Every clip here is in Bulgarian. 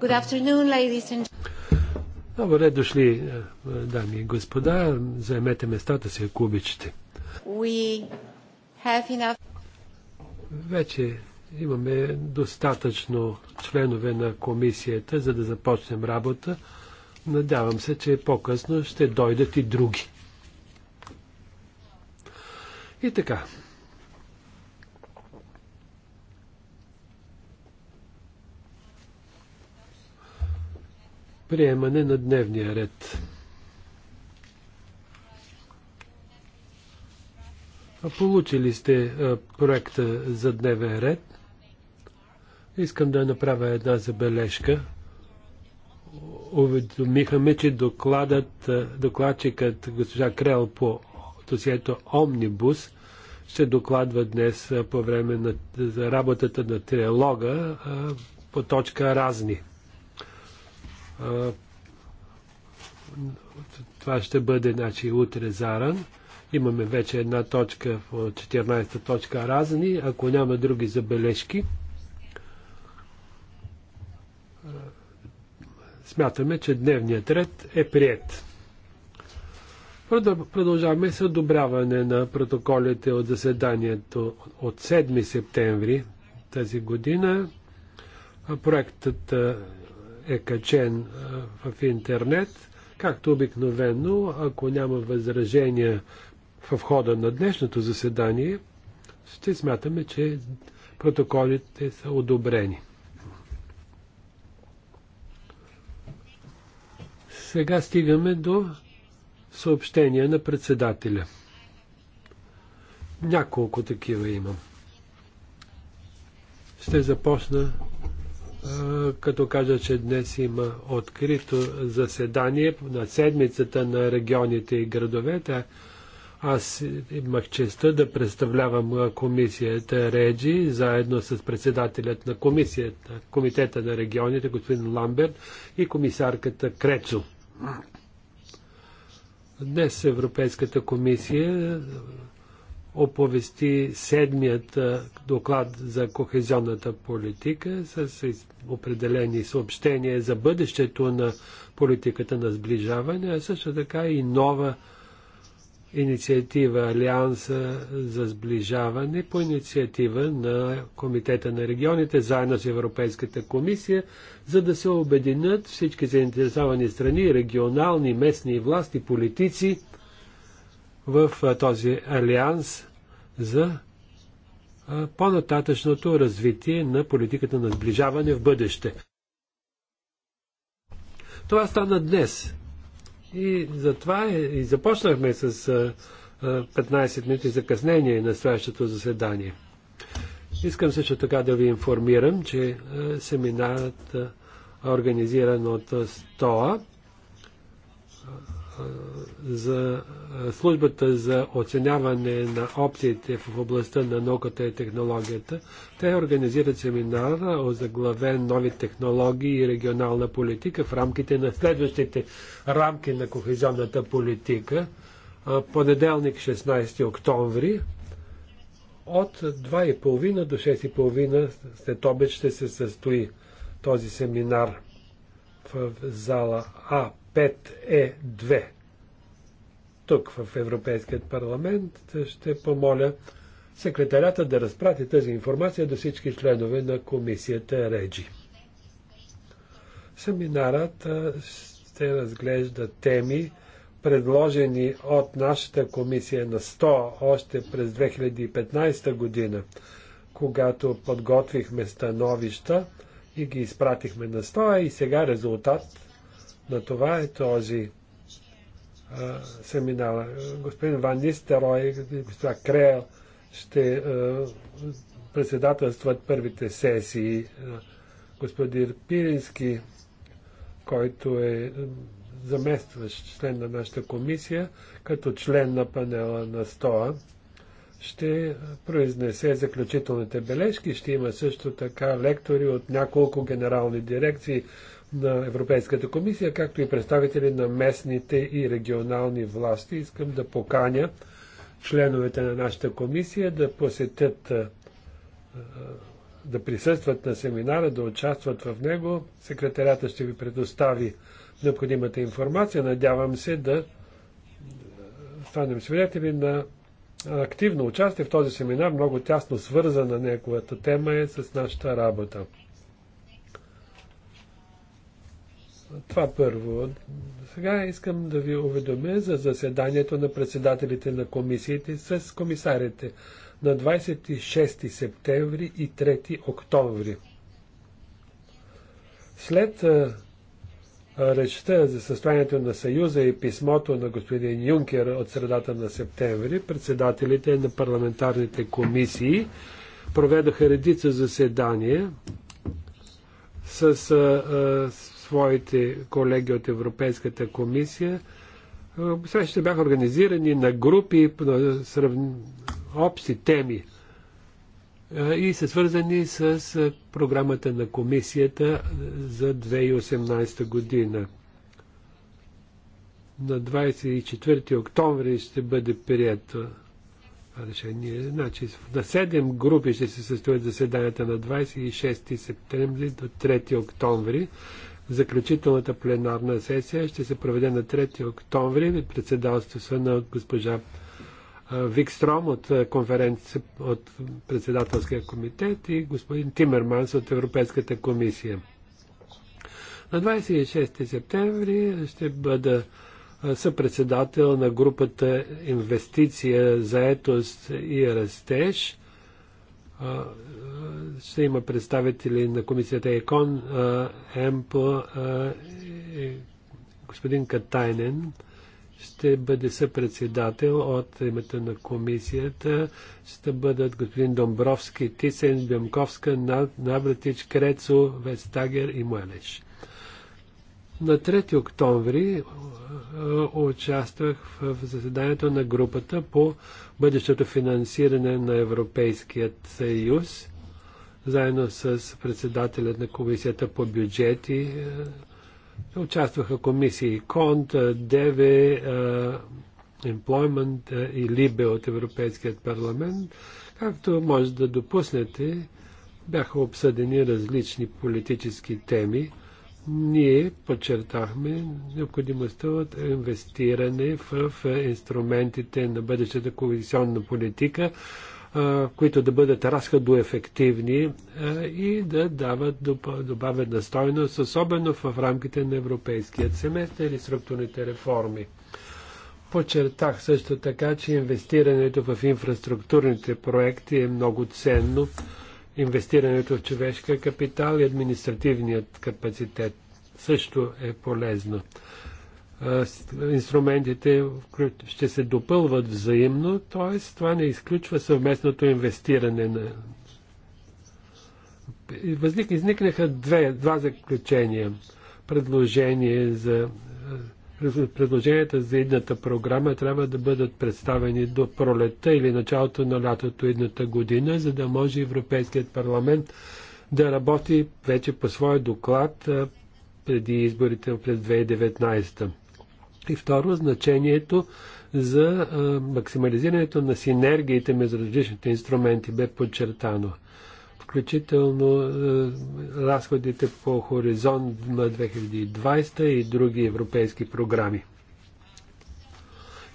Good afternoon, ladies and Добре дошли, е, дами и господа. Займете местата си, ако обичате. We have enough... Вече имаме достатъчно членове на комисията, за да започнем работа. Надявам се, че по-късно ще дойдат и други. И така, приемане на дневния ред. Получили сте проекта за дневен ред. Искам да направя една забележка. Уведомиха ме, че докладът, докладчикът госпожа Крел по досието Омнибус ще докладва днес по време на работата на триалога по точка разни. Това ще бъде значи, утре заран. Имаме вече една точка в 14-та точка разни. Ако няма други забележки, смятаме, че дневният ред е прият. Продължаваме с одобряване на протоколите от заседанието от 7 септември тази година. Проектът е качен в интернет. Както обикновено, ако няма възражения в хода на днешното заседание, ще смятаме, че протоколите са одобрени. Сега стигаме до съобщения на председателя. Няколко такива имам. Ще започна като кажа, че днес има открито заседание на седмицата на регионите и градовете. Аз имах честа да представлявам комисията Реджи, заедно с председателят на комисията, комитета на регионите, господин Ламберт и комисарката Крецо. Днес Европейската комисия оповести седмият доклад за кохезионната политика с определени съобщения за бъдещето на политиката на сближаване, а също така и нова инициатива Алианса за сближаване по инициатива на Комитета на регионите заедно с Европейската комисия, за да се обединят всички заинтересовани страни, регионални, местни власти, политици – в този алианс за по-нататъчното развитие на политиката на сближаване в бъдеще. Това стана днес. И затова е, и започнахме с 15 минути закъснение на следващото заседание. Искам също така да ви информирам, че семинарът е организиран от СТОА за службата за оценяване на опциите в областта на науката и технологията. Те организират семинар заглаве нови технологии и регионална политика в рамките на следващите рамки на кохезионната политика. Понеделник 16 октомври от 2.30 до 6.30 след обед ще се състои този семинар в зала А 5Е2. Е Тук в Европейският парламент ще помоля секретарята да разпрати тази информация до всички членове на комисията Реджи. Семинарът ще разглежда теми, предложени от нашата комисия на 100 още през 2015 година, когато подготвихме становища и ги изпратихме на 100 и сега резултат на това е този а, семинар. Господин Ван Нистерой и Крел ще а, председателстват първите сесии. Господин Пирински, който е заместващ член на нашата комисия, като член на панела на СТОА, ще произнесе заключителните бележки. Ще има също така лектори от няколко генерални дирекции на Европейската комисия, както и представители на местните и регионални власти. Искам да поканя членовете на нашата комисия да посетят, да присъстват на семинара, да участват в него. Секретарята ще ви предостави необходимата информация. Надявам се да станем свидетели на активно участие в този семинар, много тясно свързана неговата тема е с нашата работа. Това първо. Сега искам да ви уведомя за заседанието на председателите на комисиите с комисарите на 26 септември и 3 октомври. След речта за състоянието на Съюза и писмото на господин Юнкер от средата на септември, председателите на парламентарните комисии проведоха редица заседания с, с своите колеги от Европейската комисия. Е, срещите бяха организирани на групи, на срав... общи теми е, и са свързани с е, програмата на комисията за 2018 година. На 24 октомври ще бъде прието решение. Значи на 7 групи ще се състоят заседанията на 26 септември до 3 октомври. Заключителната пленарна сесия ще се проведе на 3 октомври председателство на госпожа Викстром от, конференция от председателския комитет и господин Тимерманс от Европейската комисия. На 26 септември ще бъда съпредседател на групата Инвестиция, заетост и растеж ще има представители на комисията ЕКОН, МП, е, е, господин Катайнен ще бъде съпредседател от името на комисията. Ще бъдат господин Домбровски, Тисен, Бемковска, Набратич, Крецо, Вестагер и Муелеш. На 3 октомври участвах в заседанието на групата по бъдещото финансиране на Европейският съюз заедно с председателят на комисията по бюджети. Е, участваха комисии КОНТ, ДЕВЕ, е, Employment е, и ЛИБЕ от Европейският парламент. Както може да допуснете, бяха обсъдени различни политически теми. Ние подчертахме необходимостта от инвестиране в инструментите на бъдещата коалиционна политика, които да бъдат разходоефективни и да дават добавена стойност, особено в рамките на европейския семестър и структурните реформи. Почертах също така, че инвестирането в инфраструктурните проекти е много ценно. Инвестирането в човешка капитал и административният капацитет също е полезно инструментите ще се допълват взаимно, т.е. това не изключва съвместното инвестиране на. Възник, изникнаха две, два заключения. Предложение за предложенията за едната програма трябва да бъдат представени до пролета или началото на лятото едната година, за да може Европейският парламент да работи вече по своя доклад преди изборите през 2019. И второ, значението за а, максимализирането на синергиите между различните инструменти бе подчертано. Включително а, разходите по Хоризонт на 2020 и други европейски програми.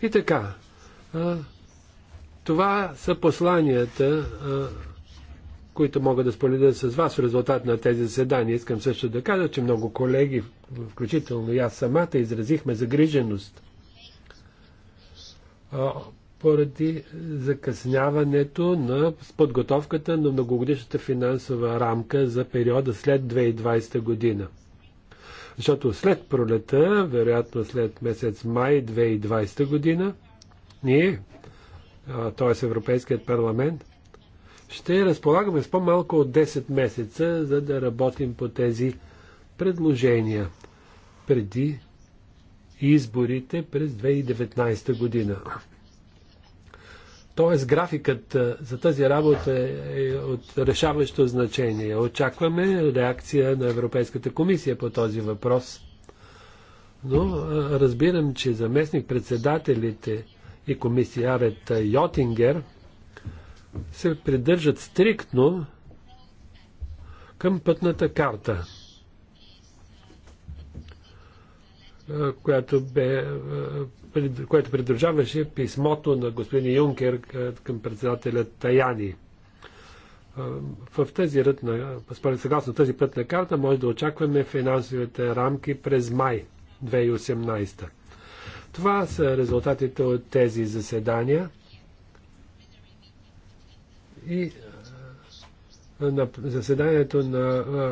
И така, а, това са посланията които мога да споделя с вас в резултат на тези заседания. Искам също да кажа, че много колеги, включително и аз самата, изразихме загриженост поради закъсняването на подготовката на многогодишната финансова рамка за периода след 2020 година. Защото след пролета, вероятно след месец май 2020 година, ние, т.е. Европейският парламент, ще разполагаме с по-малко от 10 месеца, за да работим по тези предложения преди изборите през 2019 година. Тоест графикът за тази работа е от решаващо значение. Очакваме реакция на Европейската комисия по този въпрос. Но разбирам, че заместник председателите и комисиарят Йотингер – се придържат стриктно към пътната карта, която, бе, която придържаваше писмото на господин Юнкер към председателя Таяни. В тази според съгласно тази пътна карта, може да очакваме финансовите рамки през май 2018. Това са резултатите от тези заседания. И е, на заседанието на е,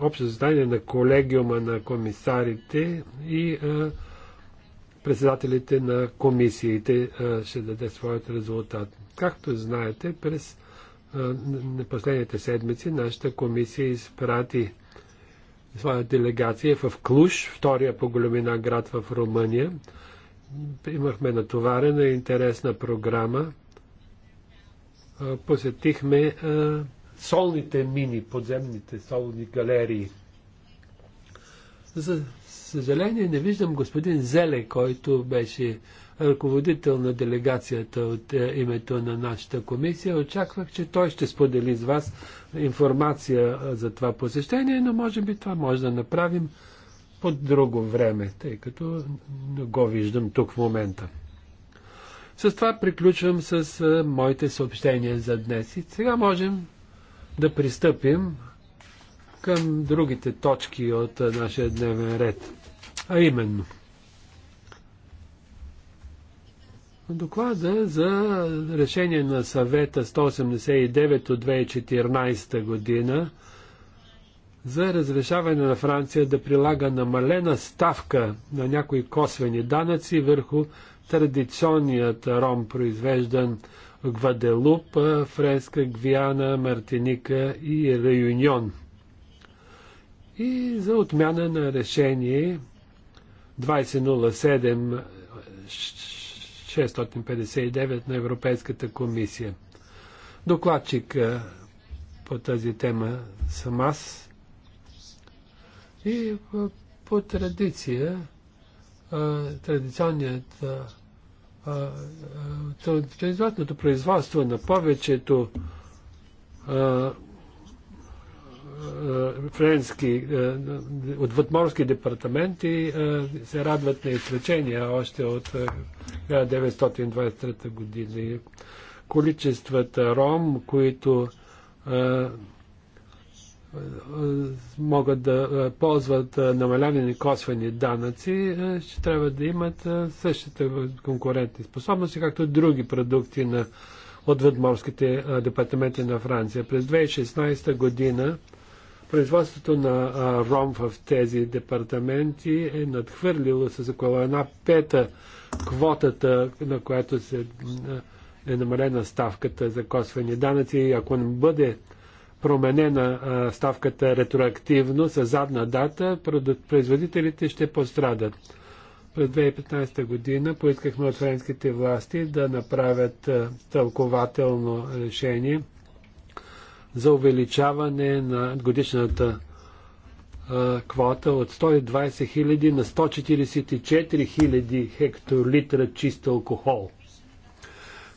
общо заседание на колегиума на комисарите и е, председателите на комисиите ще даде своят резултат. Както знаете, през последните седмици нашата комисия изпрати своя делегация в Клуш, втория по големина град в Румъния. Имахме натоварена и интересна програма посетихме солните мини, подземните солни галерии. За съжаление не виждам господин Зеле, който беше ръководител на делегацията от е, името на нашата комисия. Очаквах, че той ще сподели с вас информация за това посещение, но може би това може да направим под друго време, тъй като не го виждам тук в момента. С това приключвам с моите съобщения за днес. И сега можем да пристъпим към другите точки от нашия дневен ред. А именно. Доклада за решение на съвета 189 от 2014 година за разрешаване на Франция да прилага намалена ставка на някои косвени данъци върху традиционният ром, произвеждан в Гваделуп, Фреска, Гвиана, Мартиника и Реюнион. И за отмяна на решение 2007 659 на Европейската комисия. Докладчик по тази тема съм аз. И по традиция, традиционният Чрезотното производство на повечето френски, от вътморски департаменти се радват на изключения още от 1923 година. Количествата ром, които могат да ползват намалявани косвени данъци, ще трябва да имат същите конкурентни способности, както други продукти на Въдморските департаменти на Франция. През 2016 година производството на ром в тези департаменти е надхвърлило с около една пета квотата, на която се е намалена ставката за косвени данъци. Ако не бъде променена ставката ретроактивно с задна дата, производителите ще пострадат. През 2015 година поискахме от френските власти да направят тълкователно решение за увеличаване на годишната квота от 120 000 на 144 000 хектолитра чист алкохол.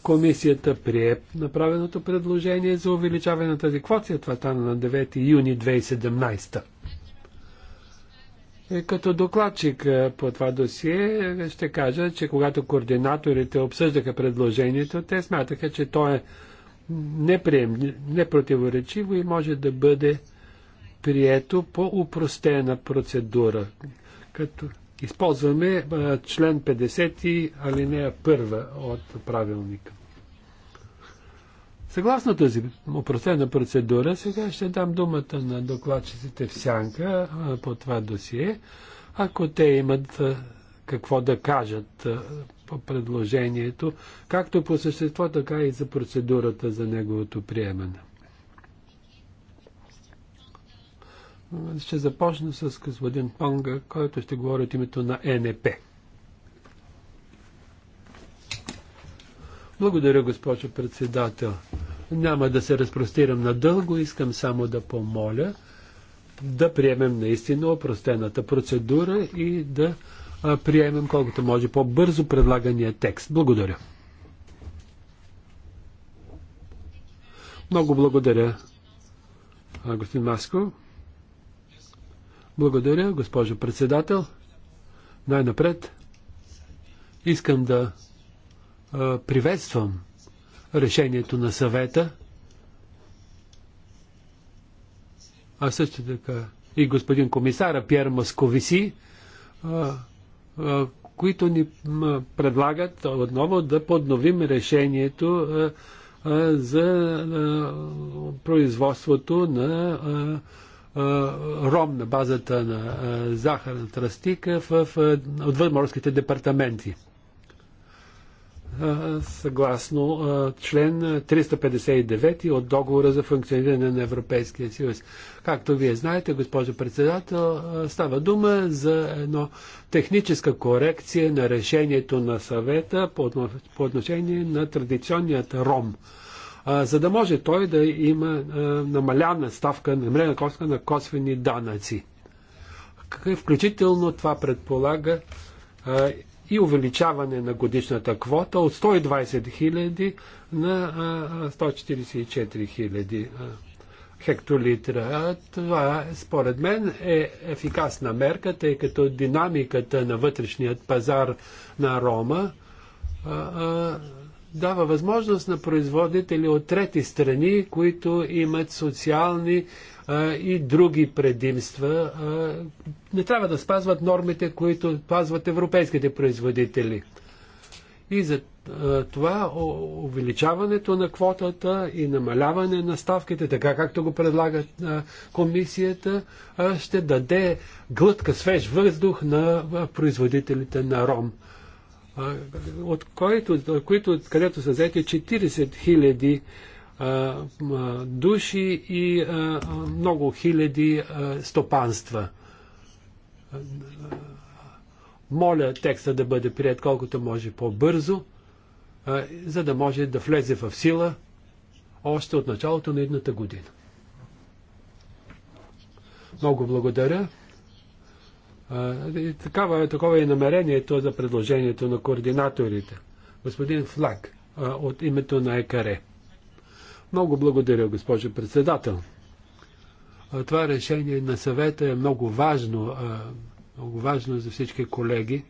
Комисията прие направеното предложение за увеличаване на тази квоция. Това стана на 9 юни 2017. И е, като докладчик е, по това досие е, ще кажа, че когато координаторите обсъждаха предложението, те смятаха, че то е неприем, непротиворечиво и може да бъде прието по упростена процедура. Като използваме член 50 алинея 1 от правилника. Съгласно тази упростена процедура, сега ще дам думата на докладчиците в сянка по това досие, ако те имат какво да кажат по предложението, както по същество, така и за процедурата за неговото приемане. Ще започна с господин Панга, който ще говори от името на е НП. Благодаря, госпожо председател. Няма да се разпростирам надълго, искам само да помоля да приемем наистина опростената процедура и да приемем колкото може по-бързо предлагания текст. Благодаря. Много благодаря, господин Маско. Благодаря, госпожо председател. Най-напред искам да а, приветствам решението на съвета, а също така и господин комисара Пьер Московиси, а, а, които ни предлагат отново да подновим решението за производството на ром на базата на захарна тръстика в отвъдморските департаменти. Съгласно член 359 от договора за функциониране на Европейския съюз. Както вие знаете, госпожо председател, става дума за едно техническа корекция на решението на съвета по отношение на традиционният ром – за да може той да има намаляна ставка, намалена коска на косвени данъци. Включително това предполага и увеличаване на годишната квота от 120 хиляди на 144 хиляди хектолитра. Това според мен е ефикасна мерка, тъй като динамиката на вътрешният пазар на Рома дава възможност на производители от трети страни, които имат социални а, и други предимства. А, не трябва да спазват нормите, които спазват европейските производители. И за това увеличаването на квотата и намаляване на ставките, така както го предлага комисията, ще даде глътка свеж въздух на производителите на ром от, който, от които, където са взети 40 хиляди души и а, много хиляди а, стопанства. Моля текста да бъде прият колкото може по-бързо, за да може да влезе в сила още от началото на едната година. Много благодаря. Такава, е, такова е намерението за предложението на координаторите. Господин Флак, от името на ЕКАРЕ. Много благодаря, госпожо председател. Това решение на съвета е много важно, много важно за всички колеги.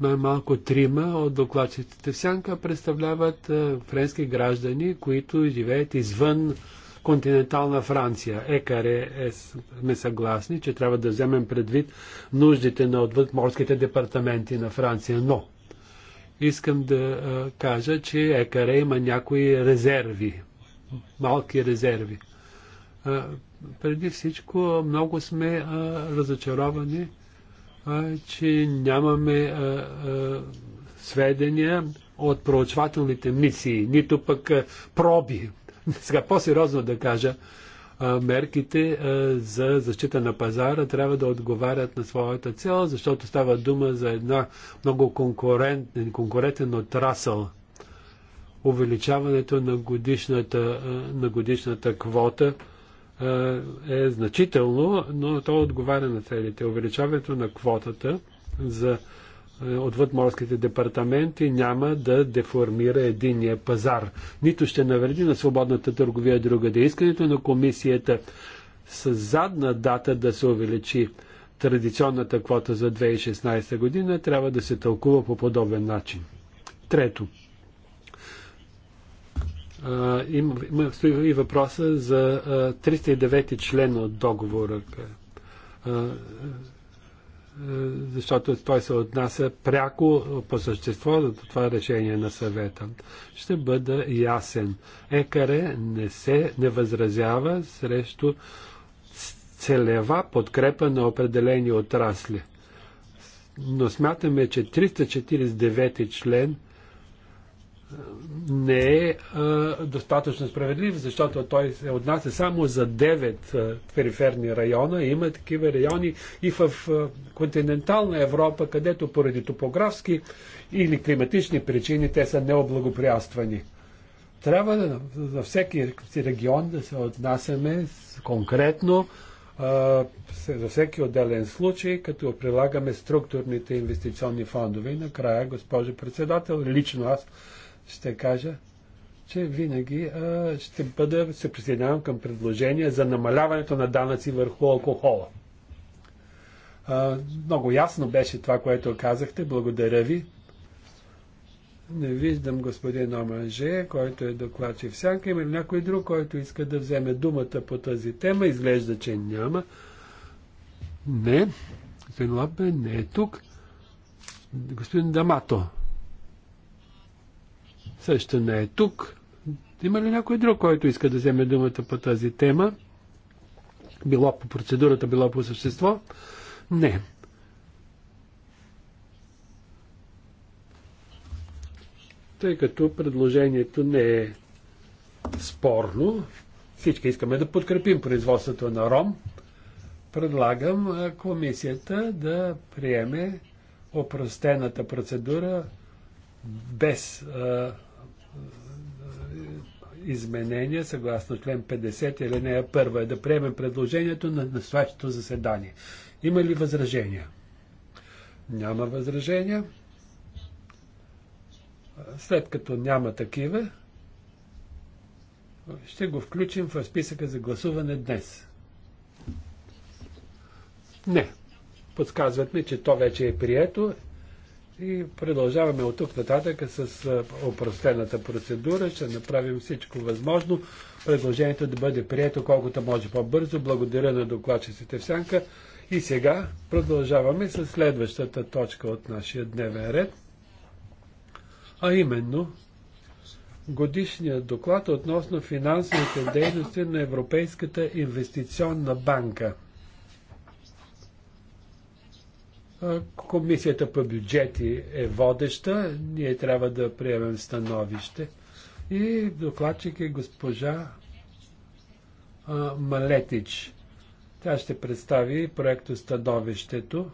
Най-малко трима от докладчиците в Сянка представляват френски граждани, които живеят извън континентална Франция. ЕКАРЕ е, сме съгласни, че трябва да вземем предвид нуждите на отвъдморските департаменти на Франция, но искам да кажа, че ЕКАРЕ има някои резерви, малки резерви. Преди всичко много сме разочаровани, че нямаме сведения от проучвателните мисии, нито пък проби сега по-сериозно да кажа, мерките за защита на пазара трябва да отговарят на своята цел, защото става дума за една много конкурентен, конкурентен отрасъл. Увеличаването на годишната, на годишната квота е значително, но то отговаря на целите. Увеличаването на квотата за е, отвъд морските департаменти няма да деформира единния пазар. Нито ще навреди на свободната търговия другаде. Да искането на комисията с задна дата да се увеличи традиционната квота за 2016 година трябва да се тълкува по подобен начин. Трето. Има, има и въпроса за 309 член от договора защото той се отнася пряко по същество за това решение на съвета. Ще бъда ясен. Екаре не се не възразява срещу целева подкрепа на определени отрасли. Но смятаме, че 349 член – не е, е достатъчно справедлив, защото той се отнася само за 9 е, периферни района. Има такива райони и в е, континентална Европа, където поради топографски или климатични причини те са необлагоприятствани. Трябва за всеки регион да се отнасяме конкретно за всеки отделен случай, като прилагаме структурните инвестиционни фондове. И накрая, госпожо председател, лично аз ще кажа, че винаги а, ще бъда, се присъединявам към предложения за намаляването на данъци върху алкохола. А, много ясно беше това, което казахте. Благодаря ви. Не виждам господин Оманже, който е докладчик сянка. Има ли някой друг, който иска да вземе думата по тази тема? Изглежда, че няма. Не. Господин Лапе не е тук. Господин Дамато също не е тук. Има ли някой друг, който иска да вземе думата по тази тема? Било по процедурата, било по същество? Не. Тъй като предложението не е спорно, всички искаме да подкрепим производството на ром, предлагам комисията да приеме опростената процедура без изменения съгласно член 50 или нея първа е да приемем предложението на настоящето заседание. Има ли възражения? Няма възражения. След като няма такива, ще го включим в списъка за гласуване днес. Не. Подсказват ми, че то вече е прието и продължаваме от тук нататък с опростената процедура. Ще направим всичко възможно. Предложението да бъде прието колкото може по-бързо. Благодаря на докладчиците в Сянка. И сега продължаваме с следващата точка от нашия дневен ред. А именно годишният доклад относно финансовите дейности на Европейската инвестиционна банка. Комисията по бюджети е водеща. Ние трябва да приемем становище. И докладчик е госпожа а, Малетич. Тя ще представи проекто становището.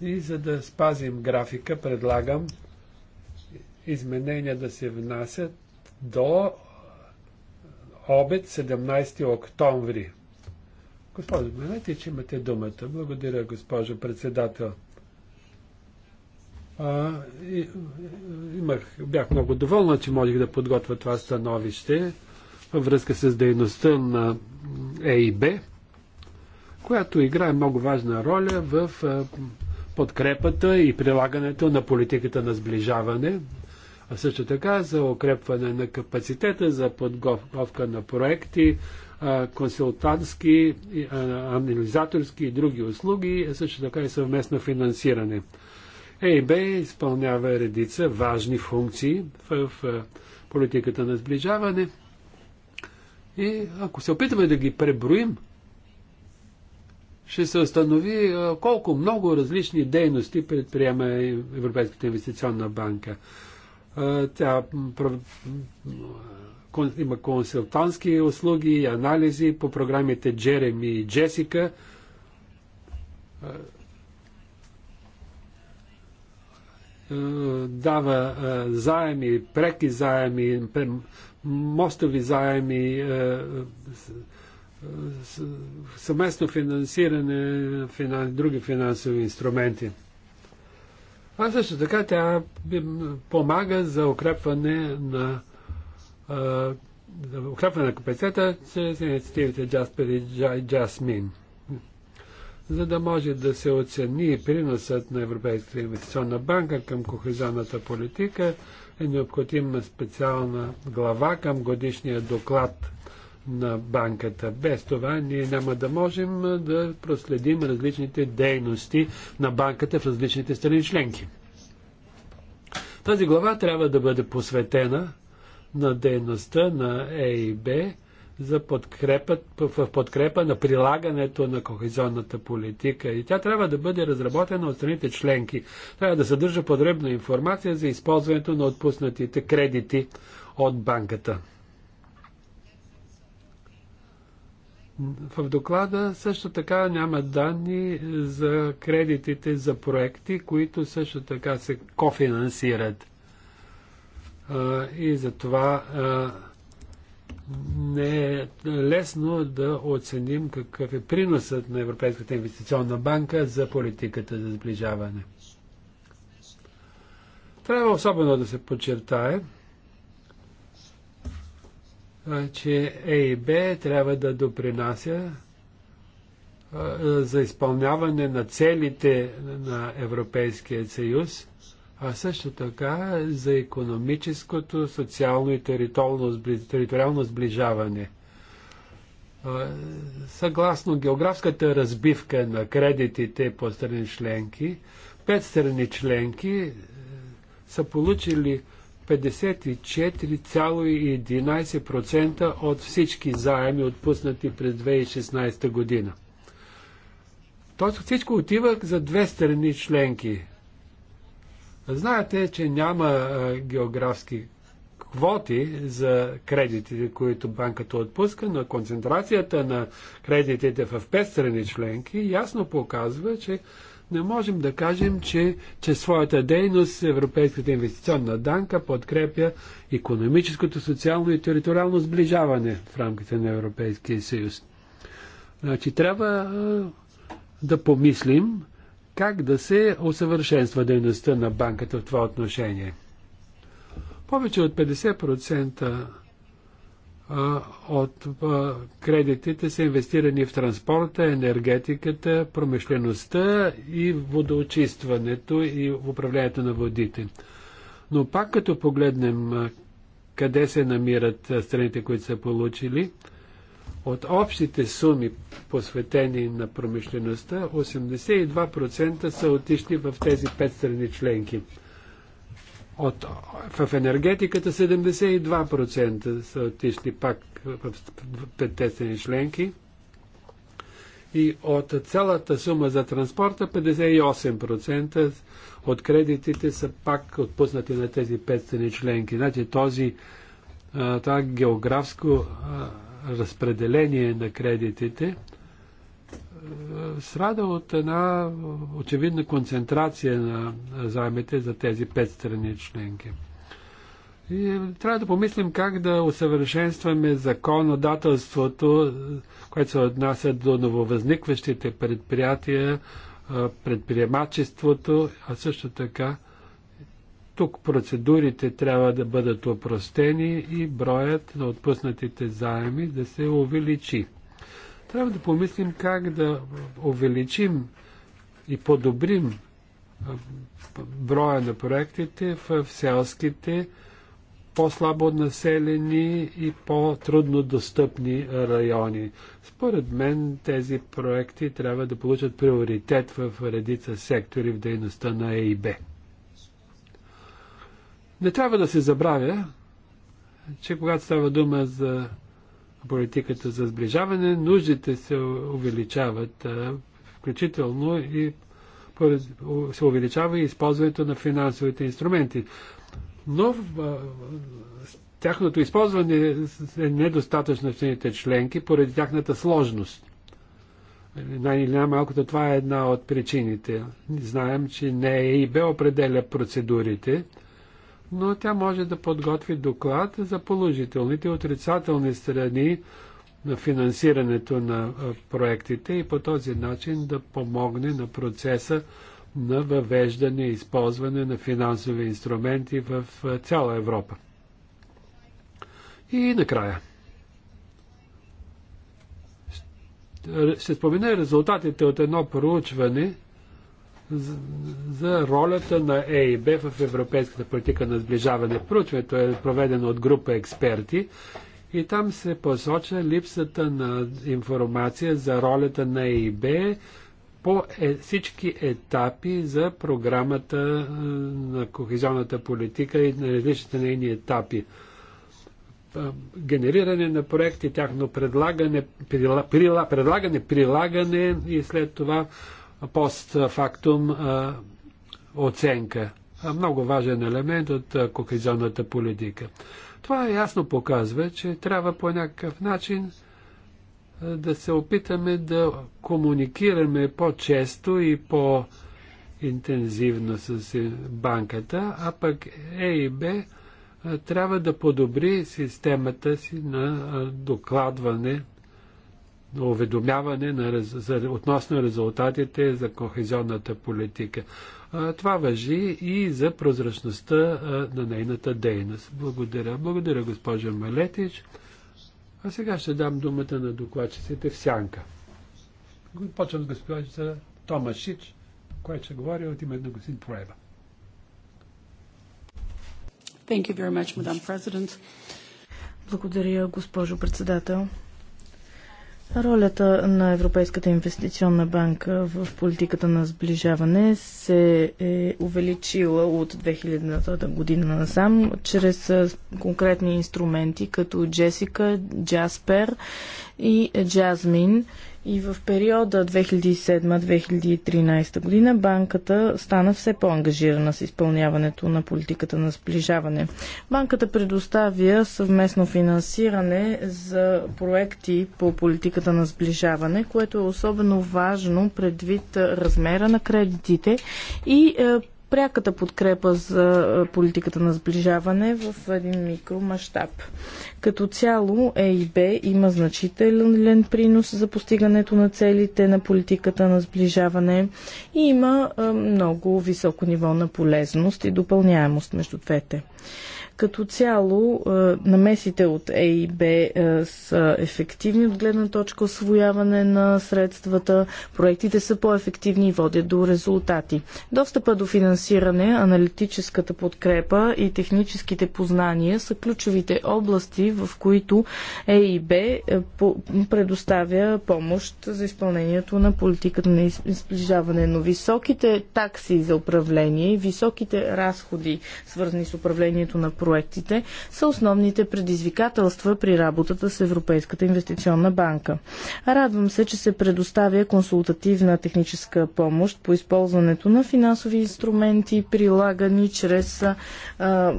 И за да спазим графика, предлагам изменения да се внасят до обед 17 октомври. Госпожо Гленете, че имате думата. Благодаря, госпожо председател. А, и, имах, бях много доволна, че можех да подготвя това становище във връзка с дейността на ЕИБ, която играе много важна роля в подкрепата и прилагането на политиката на сближаване, а също така за укрепване на капацитета за подготовка на проекти, консултантски, анализаторски и други услуги, също така и съвместно финансиране. ЕИБ изпълнява редица важни функции в политиката на сближаване и ако се опитаме да ги преброим, ще се установи колко много различни дейности предприема Европейската инвестиционна банка. Тя има консултантски услуги и анализи по програмите Джереми и Джесика. Дава заеми, преки заеми, мостови заеми, съместно финансиране, други финансови инструменти. А също така тя помага за укрепване на за укрепване на капацитета чрез инициативите Jasper и Jasmine, за да може да се оцени приносът на Европейската инвестиционна банка към кохезионната политика, е необходима специална глава към годишния доклад на банката. Без това ние няма да можем да проследим различните дейности на банката в различните страни членки. Тази глава трябва да бъде посветена на дейността на ЕИБ за подкрепа, в подкрепа на прилагането на кохезионната политика. И тя трябва да бъде разработена от страните членки. Трябва да съдържа подребна информация за използването на отпуснатите кредити от банката. В доклада също така няма данни за кредитите за проекти, които също така се кофинансират и затова не е лесно да оценим какъв е приносът на Европейската инвестиционна банка за политиката за сближаване. Трябва особено да се подчертае, че ЕИБ трябва да допринася за изпълняване на целите на Европейския съюз – а също така за економическото, социално и териториално сближаване. Съгласно географската разбивка на кредитите по страни членки, пет страни членки е, са получили 54,11% от всички заеми, отпуснати през 2016 година. То всичко отива за две страни членки Знаете, че няма географски квоти за кредитите, които банката отпуска, но концентрацията на кредитите в пет страни членки ясно показва, че не можем да кажем, че, че своята дейност Европейската инвестиционна банка подкрепя економическото, социално и териториално сближаване в рамките на Европейския съюз. Значи трябва да помислим как да се усъвършенства дейността на банката в това отношение. Повече от 50% от кредитите са инвестирани в транспорта, енергетиката, промишлеността и водоочистването и управлението на водите. Но пак като погледнем къде се намират страните, които са получили, от общите суми, посветени на промишлеността, 82% са отишли в тези пет страни членки. От, в енергетиката 72% са отишли пак в петте страни членки. И от цялата сума за транспорта 58% от кредитите са пак отпуснати на тези пет страни членки. Значи този това географско разпределение на кредитите е, страда от една очевидна концентрация на заемите за тези пет страни членки. И е, трябва да помислим как да усъвършенстваме законодателството, което се отнася до нововъзникващите предприятия, е, предприемачеството, а също така тук процедурите трябва да бъдат опростени и броят на отпуснатите заеми да се увеличи. Трябва да помислим как да увеличим и подобрим броя на проектите в селските, по-слабо населени и по-трудно достъпни райони. Според мен тези проекти трябва да получат приоритет в редица сектори в дейността на ЕИБ. Не трябва да се забравя, че когато става дума за политиката за сближаване, нуждите се увеличават, включително и се увеличава и използването на финансовите инструменти. Но тяхното използване е недостатъчно в страните членки поради тяхната сложност. Най-малкото това е една от причините. Знаем, че не е и бе определя процедурите но тя може да подготви доклад за положителните и отрицателни страни на финансирането на проектите и по този начин да помогне на процеса на въвеждане и използване на финансови инструменти в цяла Европа. И накрая. Ще спомена резултатите от едно проучване – за, ролята на ЕИБ в европейската политика на сближаване. Проучването е проведено от група експерти и там се посоча липсата на информация за ролята на ЕИБ по е, всички етапи за програмата е, на кохезионната политика и на различните нейни етапи. Е, генериране на проекти, тяхно предлагане, прила, прила, предлагане, прилагане и след това постфактум оценка. Много важен елемент от кохезионната политика. Това ясно показва, че трябва по някакъв начин да се опитаме да комуникираме по-често и по-интензивно с е, банката, а пък ЕИБ трябва да подобри системата си на докладване уведомяване на, за, относно резултатите за кохезионната политика. А, това въжи и за прозрачността а, на нейната дейност. Благодаря. Благодаря, госпожа Малетич. А сега ще дам думата на докладчиците в сянка. Почвам с госпожа Томашич, който ще говори от името на господин Проева. Much, Благодаря, госпожо председател. Ролята на Европейската инвестиционна банка в политиката на сближаване се е увеличила от 2000 година насам чрез конкретни инструменти като Джесика, Джаспер и Джазмин и в периода 2007-2013 година банката стана все по-ангажирана с изпълняването на политиката на сближаване. Банката предоставя съвместно финансиране за проекти по политиката на сближаване, което е особено важно предвид размера на кредитите и е, пряката подкрепа за е, политиката на сближаване в един микромащаб. Като цяло ЕИБ има значителен принос за постигането на целите на политиката на сближаване и има е, много високо ниво на полезност и допълняемост между двете. Като цяло е, намесите от Е и са ефективни от гледна точка освояване на средствата, проектите са по-ефективни и водят до резултати. Достъпа до финансиране, аналитическата подкрепа и техническите познания са ключовите области, в които ЕИБ и е, предоставя помощ за изпълнението на политиката на изближаване. Но високите такси за управление, високите разходи, свързани с управлението на проектите са основните предизвикателства при работата с Европейската инвестиционна банка. Радвам се, че се предоставя консултативна техническа помощ по използването на финансови инструменти, прилагани чрез а, а,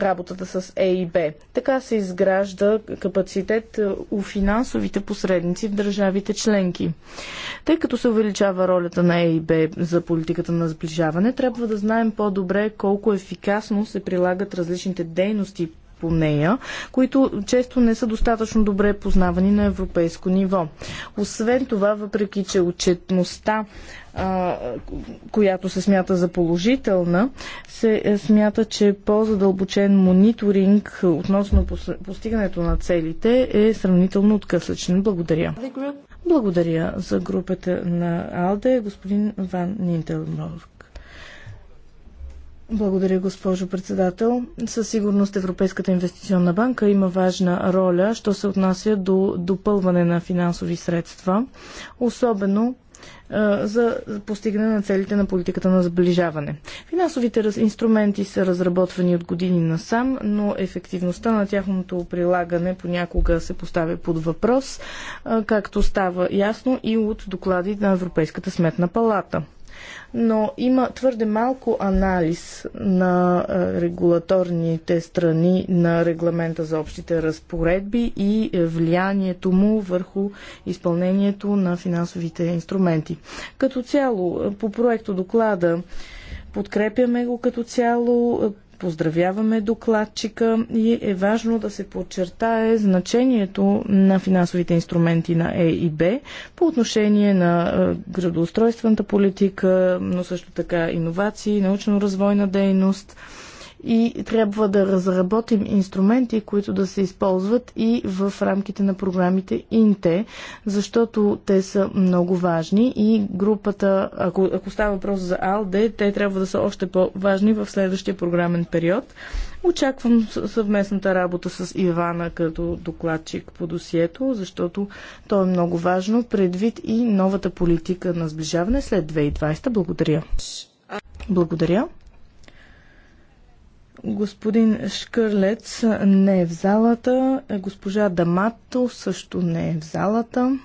работата с Е и Б. Така се изгражда капацитет у финансовите посредници в държавите членки. Тъй като се увеличава ролята на ЕИБ за политиката на сближаване, трябва да знаем по-добре колко ефикасно се прилагат различни различните дейности по нея, които често не са достатъчно добре познавани на европейско ниво. Освен това, въпреки че отчетността която се смята за положителна, се е, смята, че по-задълбочен мониторинг относно постигането на целите е сравнително откъслечен. Благодаря. Благодаря за групата на АЛДЕ, господин Ван Нинтелмор. Благодаря, госпожо председател. Със сигурност Европейската инвестиционна банка има важна роля, що се отнася до допълване на финансови средства, особено за постигане на целите на политиката на заближаване. Финансовите инструменти са разработвани от години насам, но ефективността на тяхното прилагане понякога се поставя под въпрос, както става ясно и от доклади на Европейската сметна палата но има твърде малко анализ на е, регулаторните страни на регламента за общите разпоредби и е, влиянието му върху изпълнението на финансовите инструменти. Като цяло, е, по проекто доклада подкрепяме го като цяло, Поздравяваме докладчика и е важно да се подчертае значението на финансовите инструменти на Е и Б по отношение на градоустройствената политика, но също така иновации, научно-развойна дейност – и трябва да разработим инструменти, които да се използват и в рамките на програмите ИНТЕ, защото те са много важни и групата, ако, ако става въпрос за АЛД, те трябва да са още по-важни в следващия програмен период. Очаквам съвместната работа с Ивана като докладчик по досието, защото то е много важно предвид и новата политика на сближаване след 2020. Благодаря. Благодаря. Господин Шкърлец не е в залата. Госпожа Дамато също не е в залата.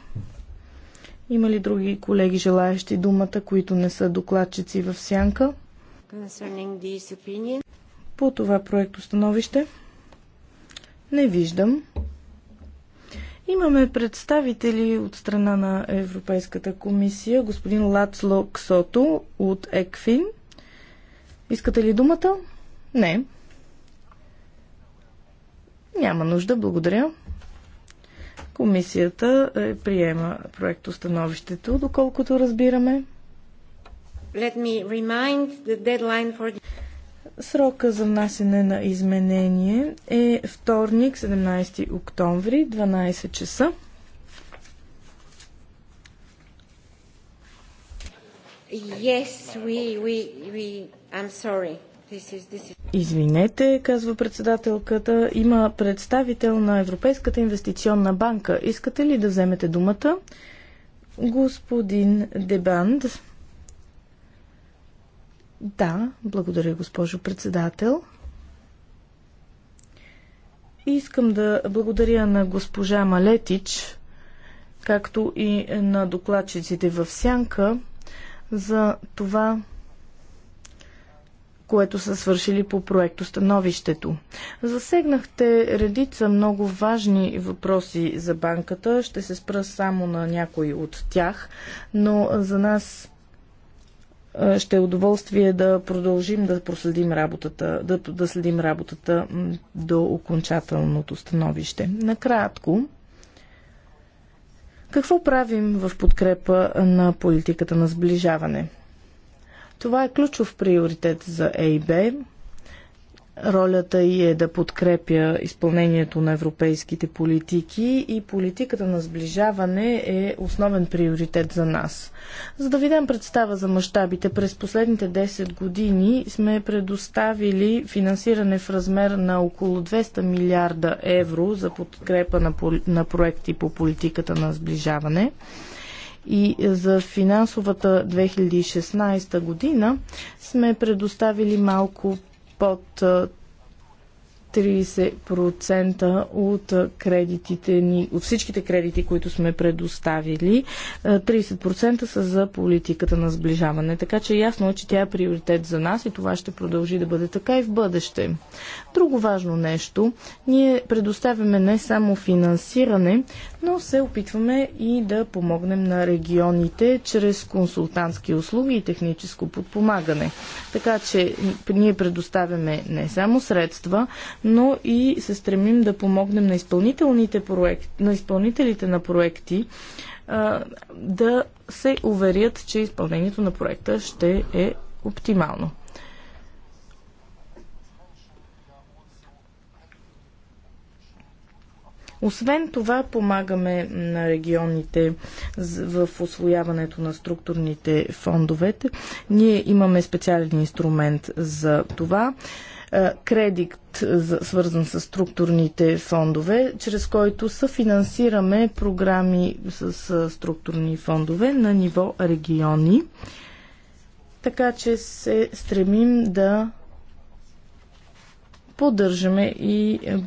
Има ли други колеги, желаящи думата, които не са докладчици в сянка? По това проекто становище не виждам. Имаме представители от страна на Европейската комисия, господин Лацло Ксото от ЕКФИН. Искате ли думата? Не. Няма нужда, благодаря. Комисията е, приема становището, доколкото разбираме. Let me remind the deadline for the... Срока за внасене на изменение е вторник, 17 октомври, 12 часа. Yes, we, we, we, I'm sorry. Извинете, казва председателката, има представител на Европейската инвестиционна банка. Искате ли да вземете думата? Господин Дебанд. Да, благодаря, госпожо председател. Искам да благодаря на госпожа Малетич, както и на докладчиците в Сянка, за това, което са свършили по проекто становището. Засегнахте редица много важни въпроси за банката. Ще се спра само на някои от тях, но за нас е, ще е удоволствие да продължим да проследим работата, да, да следим работата до окончателното становище. Накратко, какво правим в подкрепа на политиката на сближаване? Това е ключов приоритет за ЕИБ. Ролята й е да подкрепя изпълнението на европейските политики и политиката на сближаване е основен приоритет за нас. За да ви дам представа за мащабите, през последните 10 години сме предоставили финансиране в размер на около 200 милиарда евро за подкрепа на, на проекти по политиката на сближаване и е, за финансовата 2016 година сме предоставили малко под 30% е, от е, кредитите ни, от всичките кредити, които сме предоставили, 30% са за политиката на сближаване. Така че ясно е, че тя е приоритет за нас и това ще продължи да бъде така и в бъдеще. Друго важно нещо, ние предоставяме не само финансиране, но се опитваме и да помогнем на регионите чрез консултантски услуги и техническо подпомагане. Така че ние предоставяме не само средства, но и се стремим да помогнем на, изпълнителните проект, на изпълнителите на проекти да се уверят, че изпълнението на проекта ще е оптимално. Освен това, помагаме на регионите в освояването на структурните фондовете. Ние имаме специален инструмент за това е, кредит, свързан с структурните фондове, чрез който съфинансираме програми с структурни фондове на ниво региони. Така че се стремим да поддържаме и е,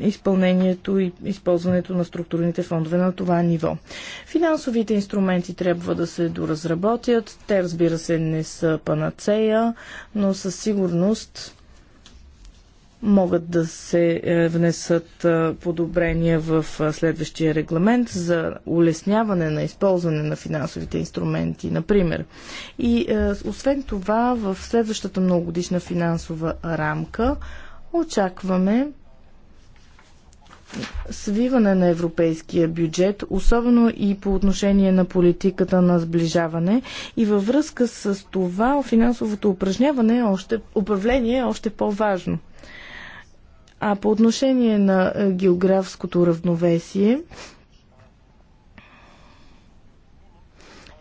изпълнението и използването на структурните фондове на това ниво. Финансовите инструменти трябва да се доразработят. Те, разбира се, не са панацея, но със сигурност могат да се е, внесат е, подобрения в следващия регламент за улесняване на използване на финансовите инструменти, например. И освен това, в следващата многогодишна финансова рамка Очакваме свиване на европейския бюджет, особено и по отношение на политиката на сближаване. И във връзка с това финансовото упражняване е още, управление е още по-важно. А по отношение на е, географското равновесие,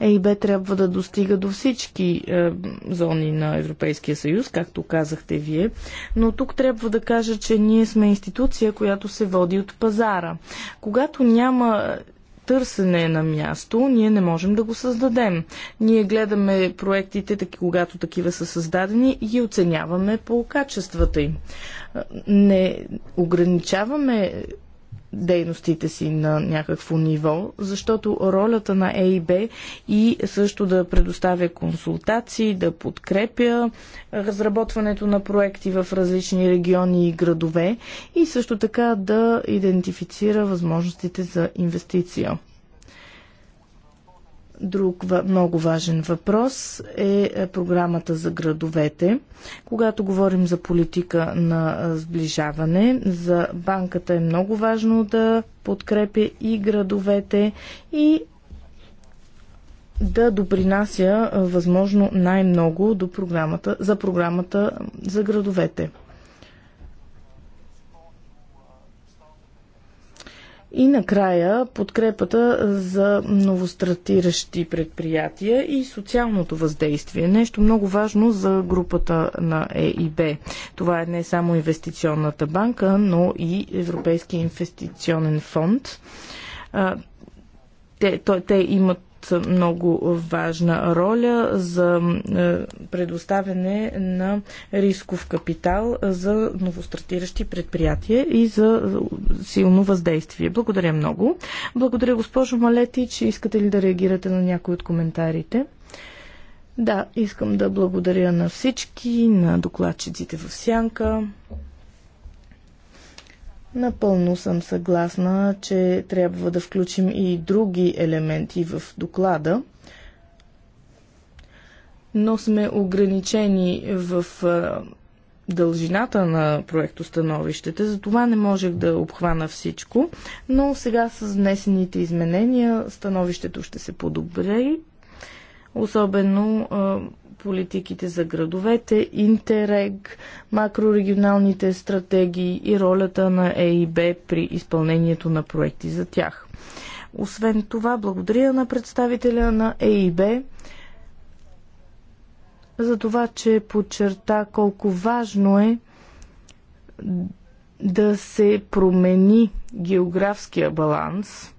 ЕИБ трябва да достига до всички е, зони на Европейския съюз, както казахте вие, но тук трябва да кажа, че ние сме институция, която се води от пазара. Когато няма търсене на място, ние не можем да го създадем. Ние гледаме проектите, когато такива са създадени и ги оценяваме по качествата им. Е, не ограничаваме дейностите си на някакво ниво, защото ролята на ЕИБ и също да предоставя консултации, да подкрепя разработването на проекти в различни региони и градове и също така да идентифицира възможностите за инвестиция. Друг много важен въпрос е, е програмата за градовете. Когато говорим за политика на сближаване, за банката е много важно да подкрепя и градовете и да допринася възможно най-много до програмата, за програмата за градовете. И накрая подкрепата за новостратиращи предприятия и социалното въздействие. Нещо много важно за групата на ЕИБ. Това е не само инвестиционната банка, но и Европейския инвестиционен фонд те, те, те имат много важна роля за е, предоставяне на рисков капитал за новостартиращи предприятия и за силно въздействие. Благодаря много. Благодаря, госпожо Малетич. Искате ли да реагирате на някои от коментарите? Да, искам да благодаря на всички, на докладчиците в Сянка. Напълно съм съгласна, че трябва да включим и други елементи в доклада, но сме ограничени в дължината на проектостановищите, затова не можех да обхвана всичко, но сега с внесените изменения становището ще се подобри, особено политиките за градовете, Интерег, макрорегионалните стратегии и ролята на ЕИБ при изпълнението на проекти за тях. Освен това, благодаря на представителя на ЕИБ за това, че подчерта колко важно е да се промени географския баланс –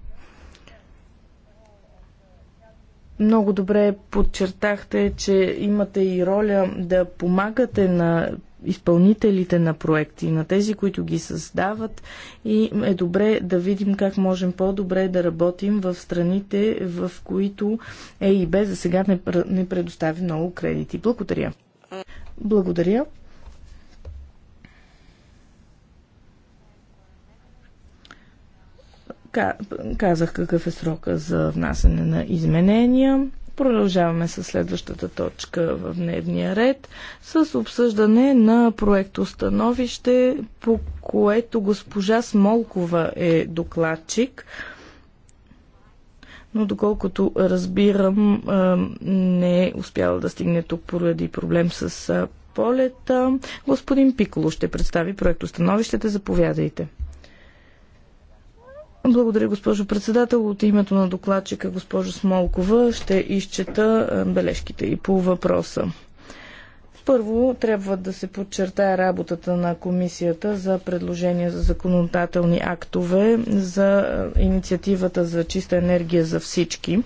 Много добре подчертахте, че имате и роля да помагате на изпълнителите на проекти, на тези, които ги създават и е добре да видим как можем по-добре да работим в страните, в които ЕИБ за сега не, не предостави много кредити. Благодаря. Благодаря. Казах какъв е срока за внасяне на изменения. Продължаваме с следващата точка в дневния ред с обсъждане на проекто становище, по което госпожа Смолкова е докладчик. Но доколкото разбирам, не е успяла да стигне тук поради проблем с полета. Господин Пиколо ще представи проекто становището. Заповядайте. Благодаря, госпожо председател. От името на докладчика, госпожо Смолкова, ще изчета бележките и по въпроса. Първо трябва да се подчертая работата на комисията за предложения за законодателни актове за е, инициативата за чиста енергия за всички,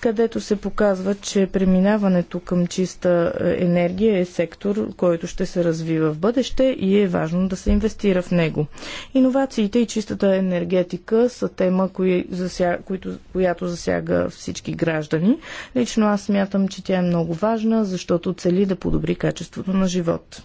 където се показва, че преминаването към чиста е, енергия е сектор, който ще се развива в бъдеще и е важно да се инвестира в него. Иновациите и чистата енергетика са тема, кои които, която засяга всички граждани. Лично аз смятам, че тя е много важна, защото цели да подобри качеството на живот.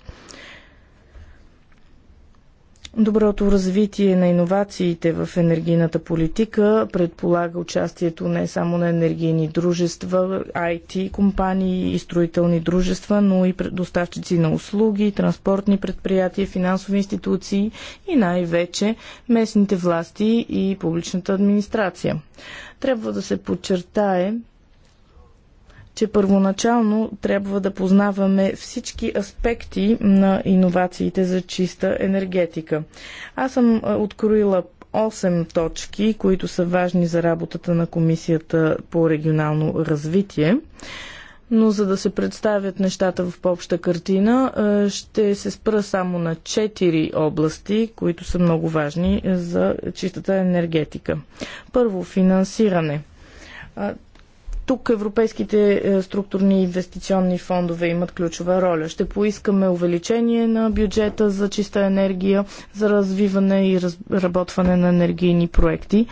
Доброто развитие на иновациите в енергийната политика предполага участието не само на енергийни дружества, IT компании и строителни дружества, но и доставчици на услуги, транспортни предприятия, финансови институции и най-вече местните власти и публичната администрация. Трябва да се подчертае, че първоначално трябва да познаваме всички аспекти на иновациите за чиста енергетика. Аз съм е, откроила 8 точки, които са важни за работата на Комисията по регионално развитие. Но за да се представят нещата в по-обща картина, е, ще се спра само на 4 области, които са много важни е, за чистата енергетика. Първо, финансиране тук европейските е, структурни инвестиционни фондове имат ключова роля. Ще поискаме увеличение на бюджета за чиста енергия, за развиване и разработване на енергийни проекти,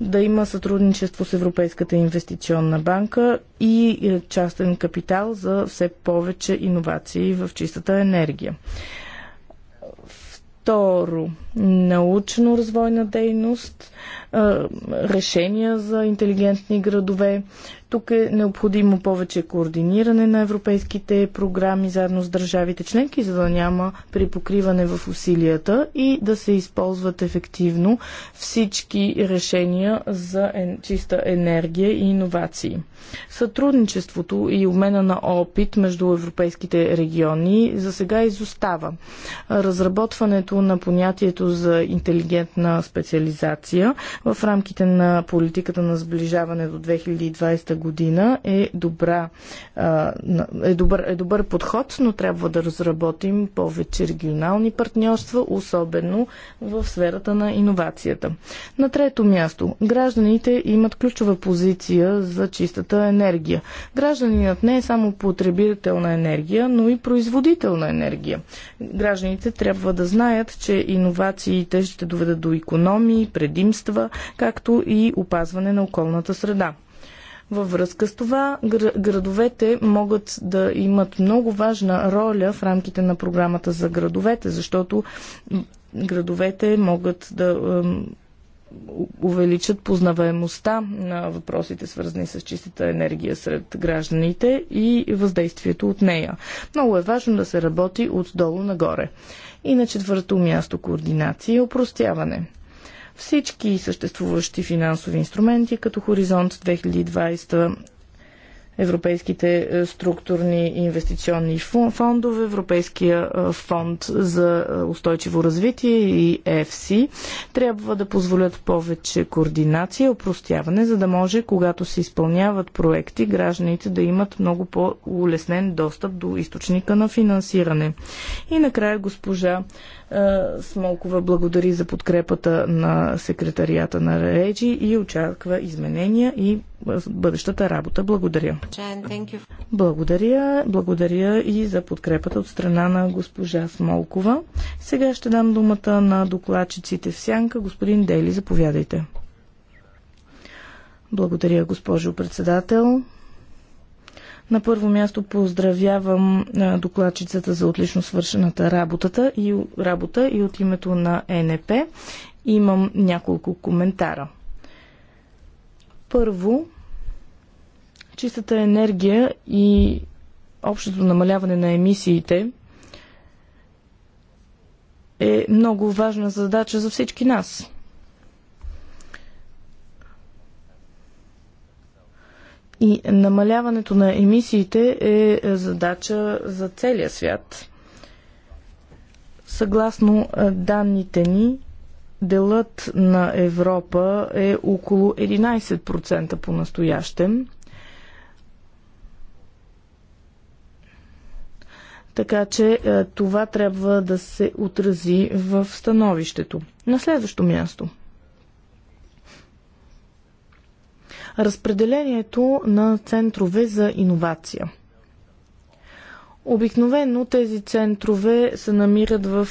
да има сътрудничество с Европейската инвестиционна банка и е, частен капитал за все повече иновации в чистата енергия. Второ, научно-развойна дейност, е, решения за интелигентни градове, тук е необходимо повече координиране на европейските програми заедно с държавите членки, за да няма припокриване в усилията и да се използват ефективно всички решения за чиста енергия и иновации. Сътрудничеството и обмена на опит между европейските региони за сега изостава. Разработването на понятието за интелигентна специализация в рамките на политиката на сближаване до 2020 година е, добра, е, добър, е добър подход, но трябва да разработим повече регионални партньорства, особено в сферата на иновацията. На трето място, гражданите имат ключова позиция за чистата енергия. Гражданинът не е само потребител на енергия, но и производител на енергия. Гражданите трябва да знаят, че иновациите ще доведат до економии, предимства, както и опазване на околната среда. Във връзка с това, градовете могат да имат много важна роля в рамките на програмата за градовете, защото градовете могат да увеличат познаваемостта на въпросите, свързани с чистата енергия сред гражданите и въздействието от нея. Много е важно да се работи отдолу нагоре. И на четвърто място координация и упростяване всички съществуващи финансови инструменти, като Хоризонт 2020, европейските е, структурни и инвестиционни фондове, Европейския е, фонд за е, устойчиво развитие и ЕФСИ, трябва да позволят повече координация и опростяване, за да може, когато се изпълняват проекти, гражданите да имат много по-улеснен достъп до източника на финансиране. И накрая госпожа е, Смолкова благодари за подкрепата на секретарията на Реджи и очаква изменения и бъдещата работа. Благодаря. Благодаря. Благодаря и за подкрепата от страна на госпожа Смолкова. Сега ще дам думата на докладчиците в сянка. Господин Дели, заповядайте. Благодаря, госпожо председател. На първо място поздравявам докладчицата за отлично свършената работата и, работа и от името на НП имам няколко коментара. Първо, чистата енергия и общото намаляване на емисиите е много важна задача за всички нас – И намаляването на емисиите е задача за целия свят. Съгласно е, данните ни, делът на Европа е около 11% по настоящем. Така че е, това трябва да се отрази в становището. На следващо място – разпределението на центрове за иновация. Обикновено тези центрове се намират в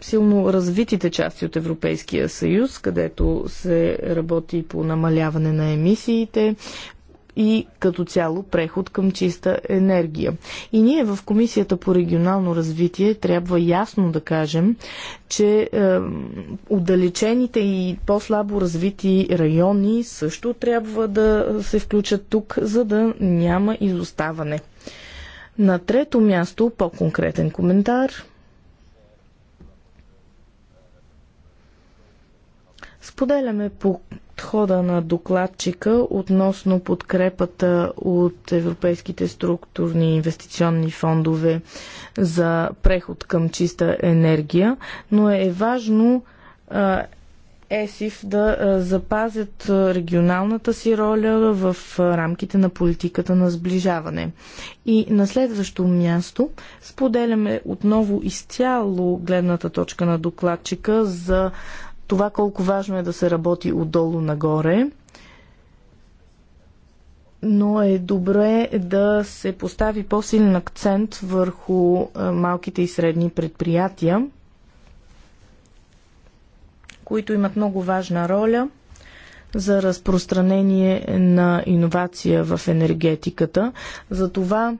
силно развитите части от Европейския съюз, където се работи по намаляване на емисиите, и като цяло преход към чиста енергия. И ние в Комисията по регионално развитие трябва ясно да кажем, че е, отдалечените и по-слабо развити райони също трябва да се включат тук, за да няма изоставане. На трето място по-конкретен коментар. Споделяме по подхода на докладчика относно подкрепата от европейските структурни инвестиционни фондове за преход към чиста енергия, но е важно ЕСИФ да запазят регионалната си роля в рамките на политиката на сближаване. И на следващо място споделяме отново изцяло гледната точка на докладчика за това колко важно е да се работи отдолу нагоре но е добре да се постави по-силен акцент върху е, малките и средни предприятия, които имат много важна роля за разпространение на иновация в енергетиката. Затова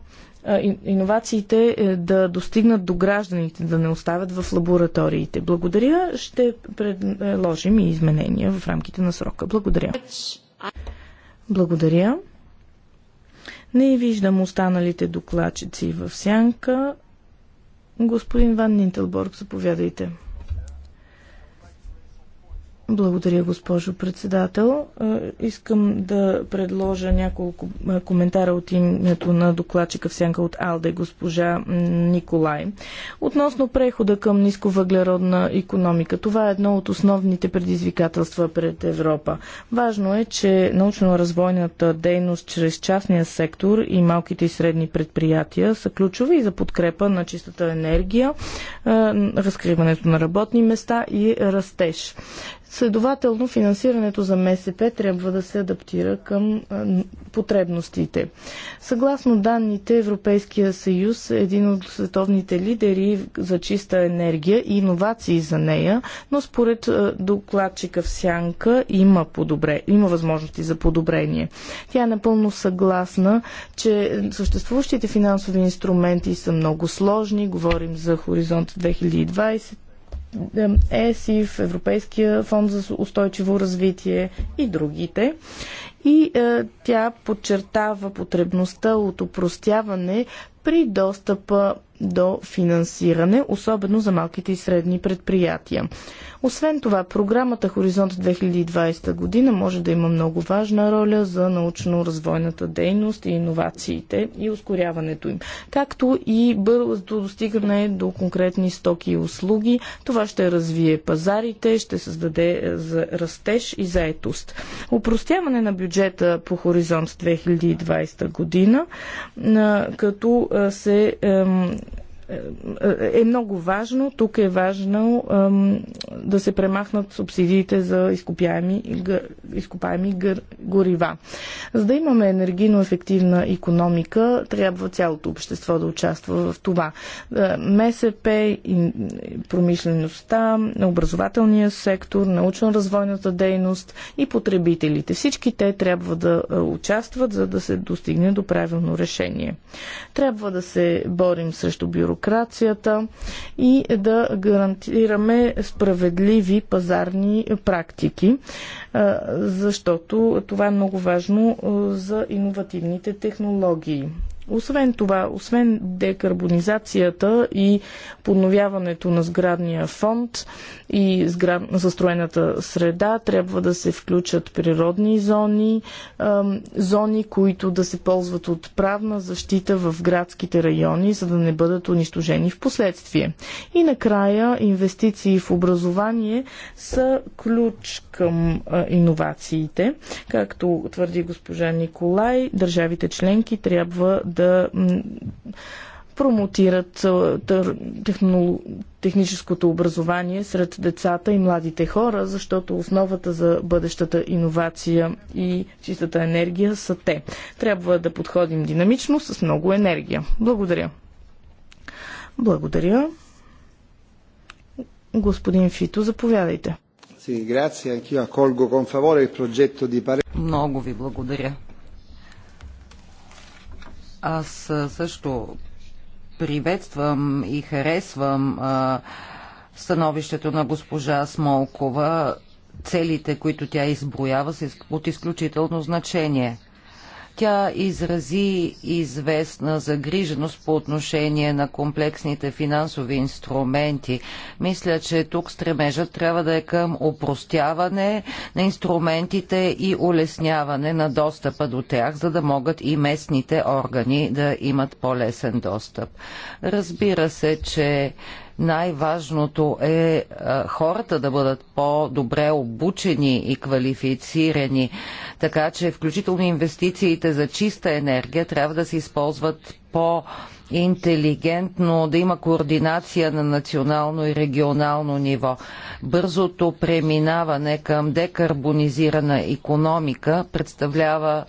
иновациите е, да достигнат до гражданите, да не остават в лабораториите. Благодаря. Ще предложим и изменения в рамките на срока. Благодаря. Благодаря. Не виждам останалите докладчици в сянка. Господин Ван Нинтелборг, заповядайте. Благодаря, госпожо председател. Е, искам да предложа няколко е, коментара от името на докладчика в сянка от Алде, госпожа Николай. Относно прехода към нисковъглеродна економика, това е едно от основните предизвикателства пред Европа. Важно е, че научно-развойната дейност чрез частния сектор и малките и средни предприятия са ключови за подкрепа на чистата енергия, е, разкриването на работни места и растеж. Следователно, финансирането за МСП трябва да се адаптира към потребностите. Съгласно данните, Европейския съюз е един от световните лидери за чиста енергия и иновации за нея, но според докладчика в Сянка има, подобре, има възможности за подобрение. Тя е напълно съгласна, че съществуващите финансови инструменти са много сложни. Говорим за Хоризонт 2020, ЕСИФ, Европейския фонд за устойчиво развитие и другите. И е, тя подчертава потребността от упростяване при достъпа до финансиране, особено за малките и средни предприятия. Освен това, програмата Хоризонт 2020 година може да има много важна роля за научно-развойната дейност и иновациите и ускоряването им, както и бързо достигане до конкретни стоки и услуги. Това ще развие пазарите, ще създаде е, за растеж и заетост. Опростяване на бюджета по Хоризонт 2020 година, като е, се е, е, е много важно. Тук е важно да се премахнат субсидиите за изкопаеми, изкопаеми горива. За да имаме енергийно ефективна економика, трябва цялото общество да участва в това. Е, МСП, промишлеността, образователния сектор, научно-развойната дейност и потребителите. Всички те трябва да участват, за да се достигне до правилно решение. Трябва да се борим срещу бюро бюрокрацията и да гарантираме справедливи пазарни практики, защото това е много важно за иновативните технологии. Освен това, освен декарбонизацията и подновяването на сградния фонд и сград... застроената среда, трябва да се включат природни зони, зони, които да се ползват от правна защита в градските райони, за да не бъдат унищожени в последствие. И накрая, инвестиции в образование са ключ към иновациите. Както твърди госпожа Николай, държавите членки трябва да да промотират техническото образование сред децата и младите хора, защото основата за бъдещата иновация и чистата енергия са те. Трябва да подходим динамично с много енергия. Благодаря. Благодаря. Господин Фито, заповядайте. Много ви благодаря. Аз също приветствам и харесвам становището на госпожа Смолкова. Целите, които тя изброява, са от изключително значение – тя изрази известна загриженост по отношение на комплексните финансови инструменти. Мисля, че тук стремежът трябва да е към упростяване на инструментите и улесняване на достъпа до тях, за да могат и местните органи да имат по-лесен достъп. Разбира се, че най-важното е а, е, хората да бъдат по-добре обучени и квалифицирани, така че включително инвестициите за чиста енергия трябва да се използват по интелигентно, да има координация на национално и регионално ниво. Бързото преминаване към декарбонизирана економика представлява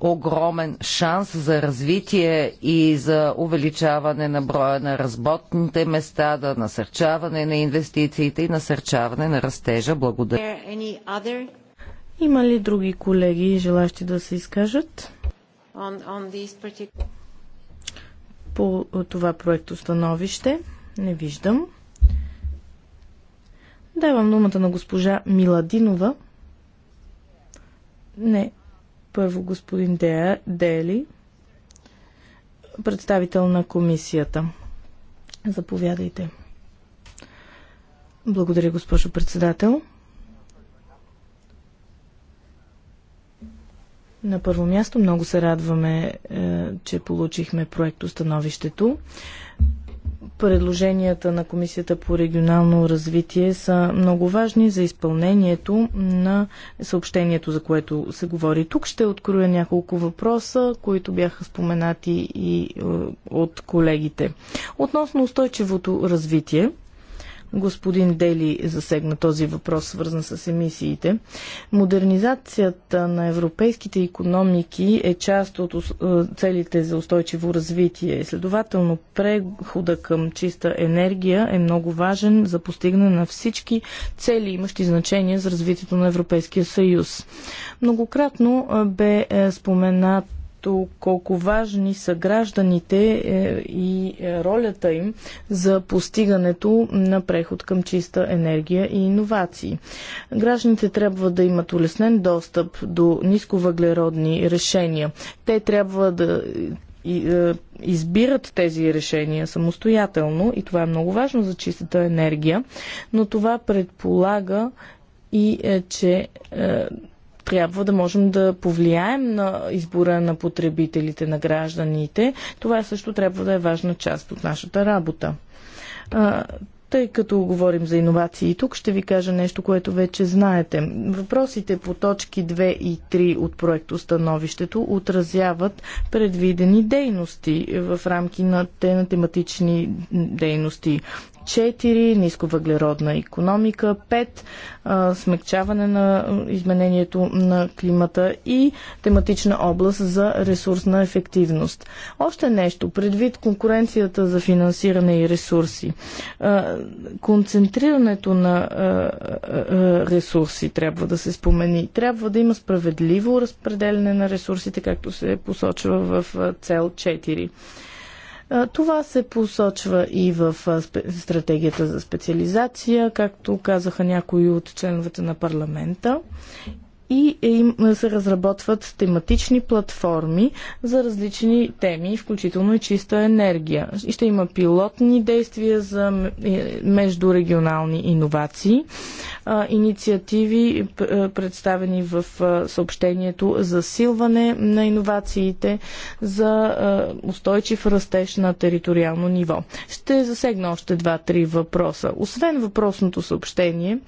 огромен шанс за развитие и за увеличаване на броя на разботните места, да насърчаване на инвестициите и насърчаване на растежа. Благодаря. Има ли други колеги, желащи да се изкажат? On, on particular... По това проекто становище не виждам. Давам думата на госпожа Миладинова. Не, първо господин Де, Дели, представител на комисията. Заповядайте. Благодаря, госпожо председател. На първо място много се радваме, е, че получихме проектостановището. Предложенията на Комисията по регионално развитие са много важни за изпълнението на съобщението, за което се говори. Тук ще откроя няколко въпроса, които бяха споменати и е, от колегите. Относно устойчивото развитие, Господин Дели засегна този въпрос, свързан с емисиите. Модернизацията на европейските економики е част от е, целите за устойчиво развитие. Следователно, прехода към чиста енергия е много важен за постигане на всички цели, имащи значение за развитието на Европейския съюз. Многократно е, бе е, споменат ето колко важни са гражданите е, и е, ролята им за постигането на преход към чиста енергия и иновации. Гражданите трябва да имат улеснен достъп до нисковъглеродни решения. Те трябва да е, избират тези решения самостоятелно и това е много важно за чистата енергия, но това предполага и е, че трябва да можем да повлияем на избора на потребителите, на гражданите. Това също трябва да е важна част от нашата работа. Тъй като говорим за иновации, тук ще ви кажа нещо, което вече знаете. Въпросите по точки 2 и 3 от проекто Становището отразяват предвидени дейности в рамки на тематични дейности. 4. Нисковъглеродна економика. 5. Смекчаване на изменението на климата и тематична област за ресурсна ефективност. Още нещо. Предвид конкуренцията за финансиране и ресурси. Концентрирането на ресурси трябва да се спомени. Трябва да има справедливо разпределение на ресурсите, както се посочва в цел 4. Това се посочва и в стратегията за специализация, както казаха някои от членовете на парламента и е, им се разработват тематични платформи за различни теми, включително и чиста енергия. И ще има пилотни действия за е, междурегионални иновации, инициативи, е, представени в съобщението за силване на иновациите за устойчив растеж на териториално ниво. Ще засегна още два-три въпроса. Освен въпросното съобщение,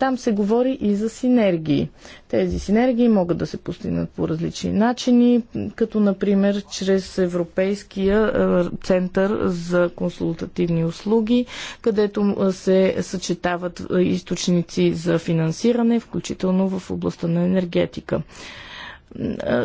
там се говори и за синергии. Тези синергии могат да се постигнат по различни начини, като например чрез Европейския център за консултативни услуги, където се съчетават източни източници за финансиране, включително в областта на енергетика.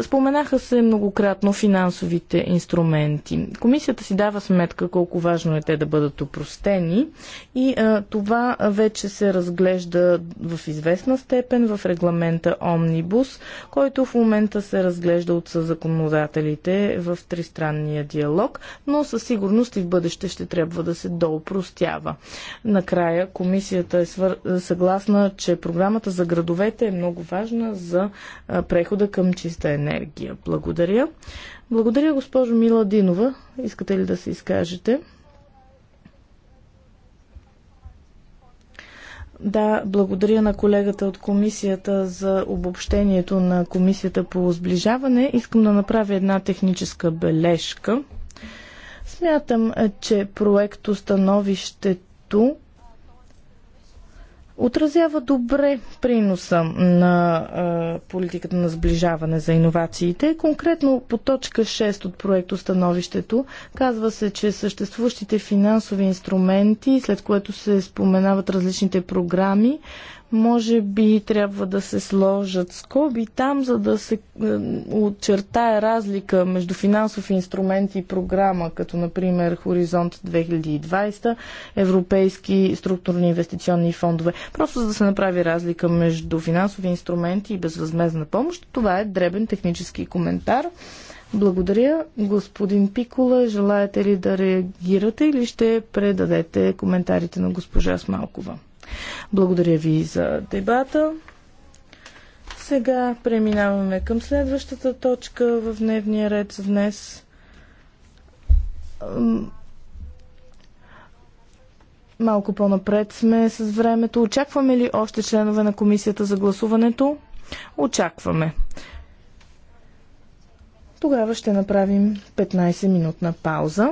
Споменаха се многократно финансовите инструменти. Комисията си дава сметка колко важно е те да бъдат опростени и а, това вече се разглежда в известна степен в регламента Омнибус, който в момента се разглежда от законодателите в тристранния диалог, но със сигурност и в бъдеще ще трябва да се доупростява. Накрая комисията е свър... съгласна, че програмата за градовете е много важна за прехода към чиста енергия. Благодаря. Благодаря, госпожо Миладинова. Искате ли да се изкажете? Да, благодаря на колегата от комисията за обобщението на комисията по сближаване. Искам да направя една техническа бележка. Смятам, че проекто становището отразява добре приноса на политиката на сближаване за иновациите. Конкретно по точка 6 от проекто становището казва се, че съществуващите финансови инструменти, след което се споменават различните програми, може би трябва да се сложат скоби там, за да се е, очертая разлика между финансов инструмент и програма, като например Хоризонт 2020, Европейски структурни инвестиционни фондове. Просто за да се направи разлика между финансови инструменти и безвъзмезна помощ. Това е дребен технически коментар. Благодаря. Господин Пикола, желаете ли да реагирате или ще предадете коментарите на госпожа Смалкова? Благодаря ви за дебата. Сега преминаваме към следващата точка в дневния ред за днес. Малко по-напред сме с времето. Очакваме ли още членове на комисията за гласуването? Очакваме. Тогава ще направим 15-минутна пауза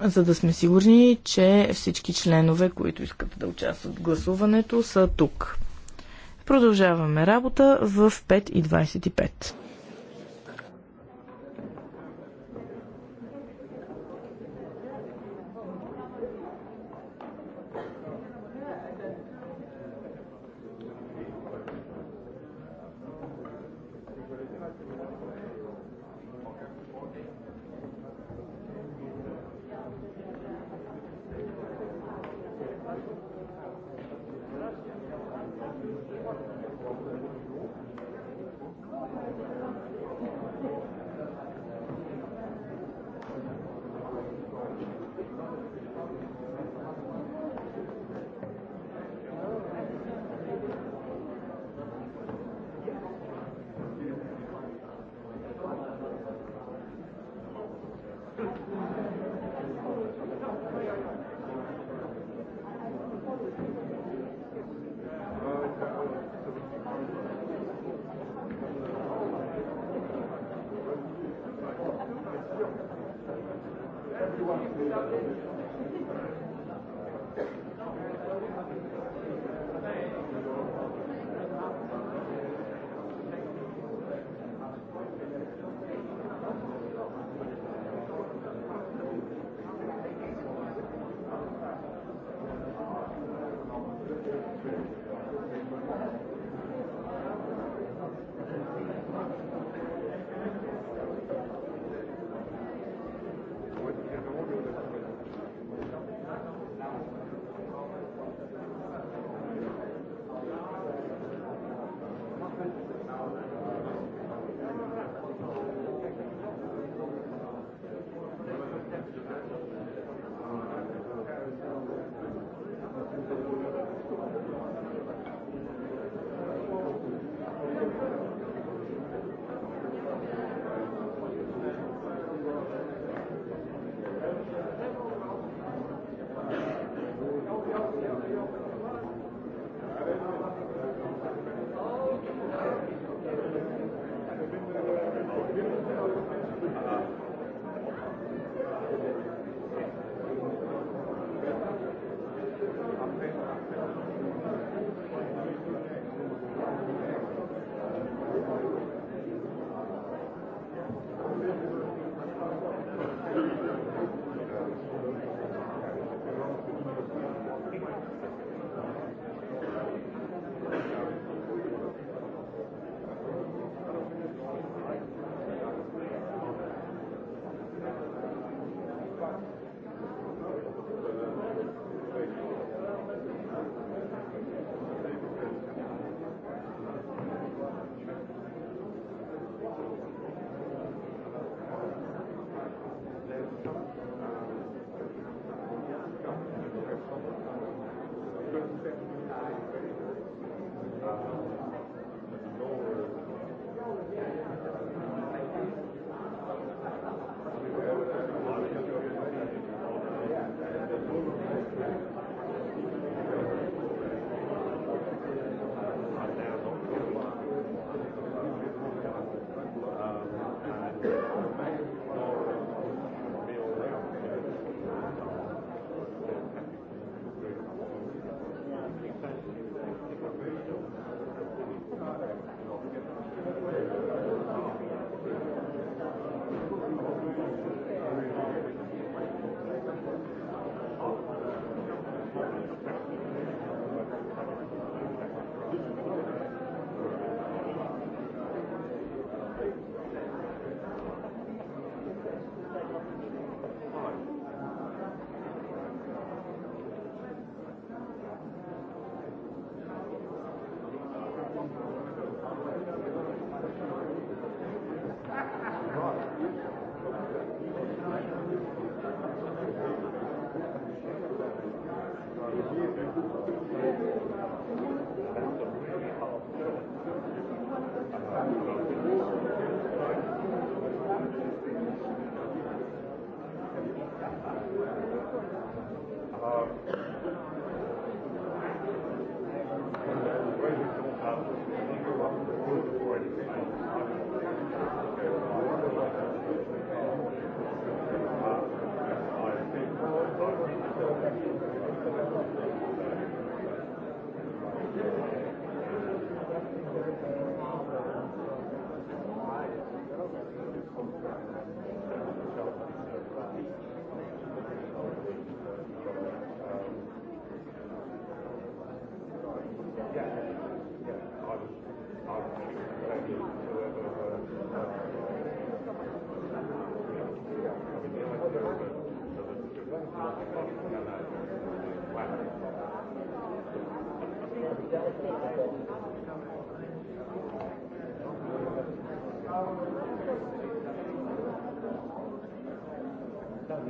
за да сме сигурни, че всички членове, които искат да участват в гласуването, са тук. Продължаваме работа в 5.25.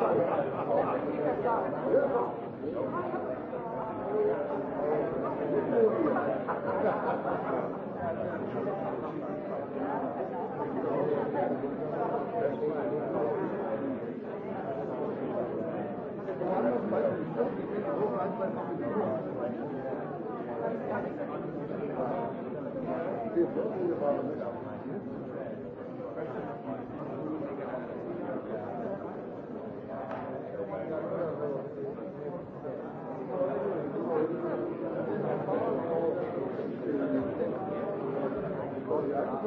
Yeah.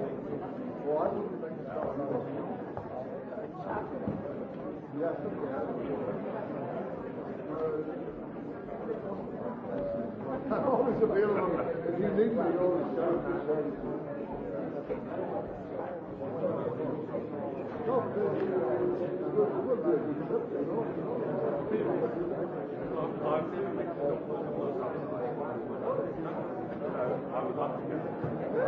I'm always available. If you need always to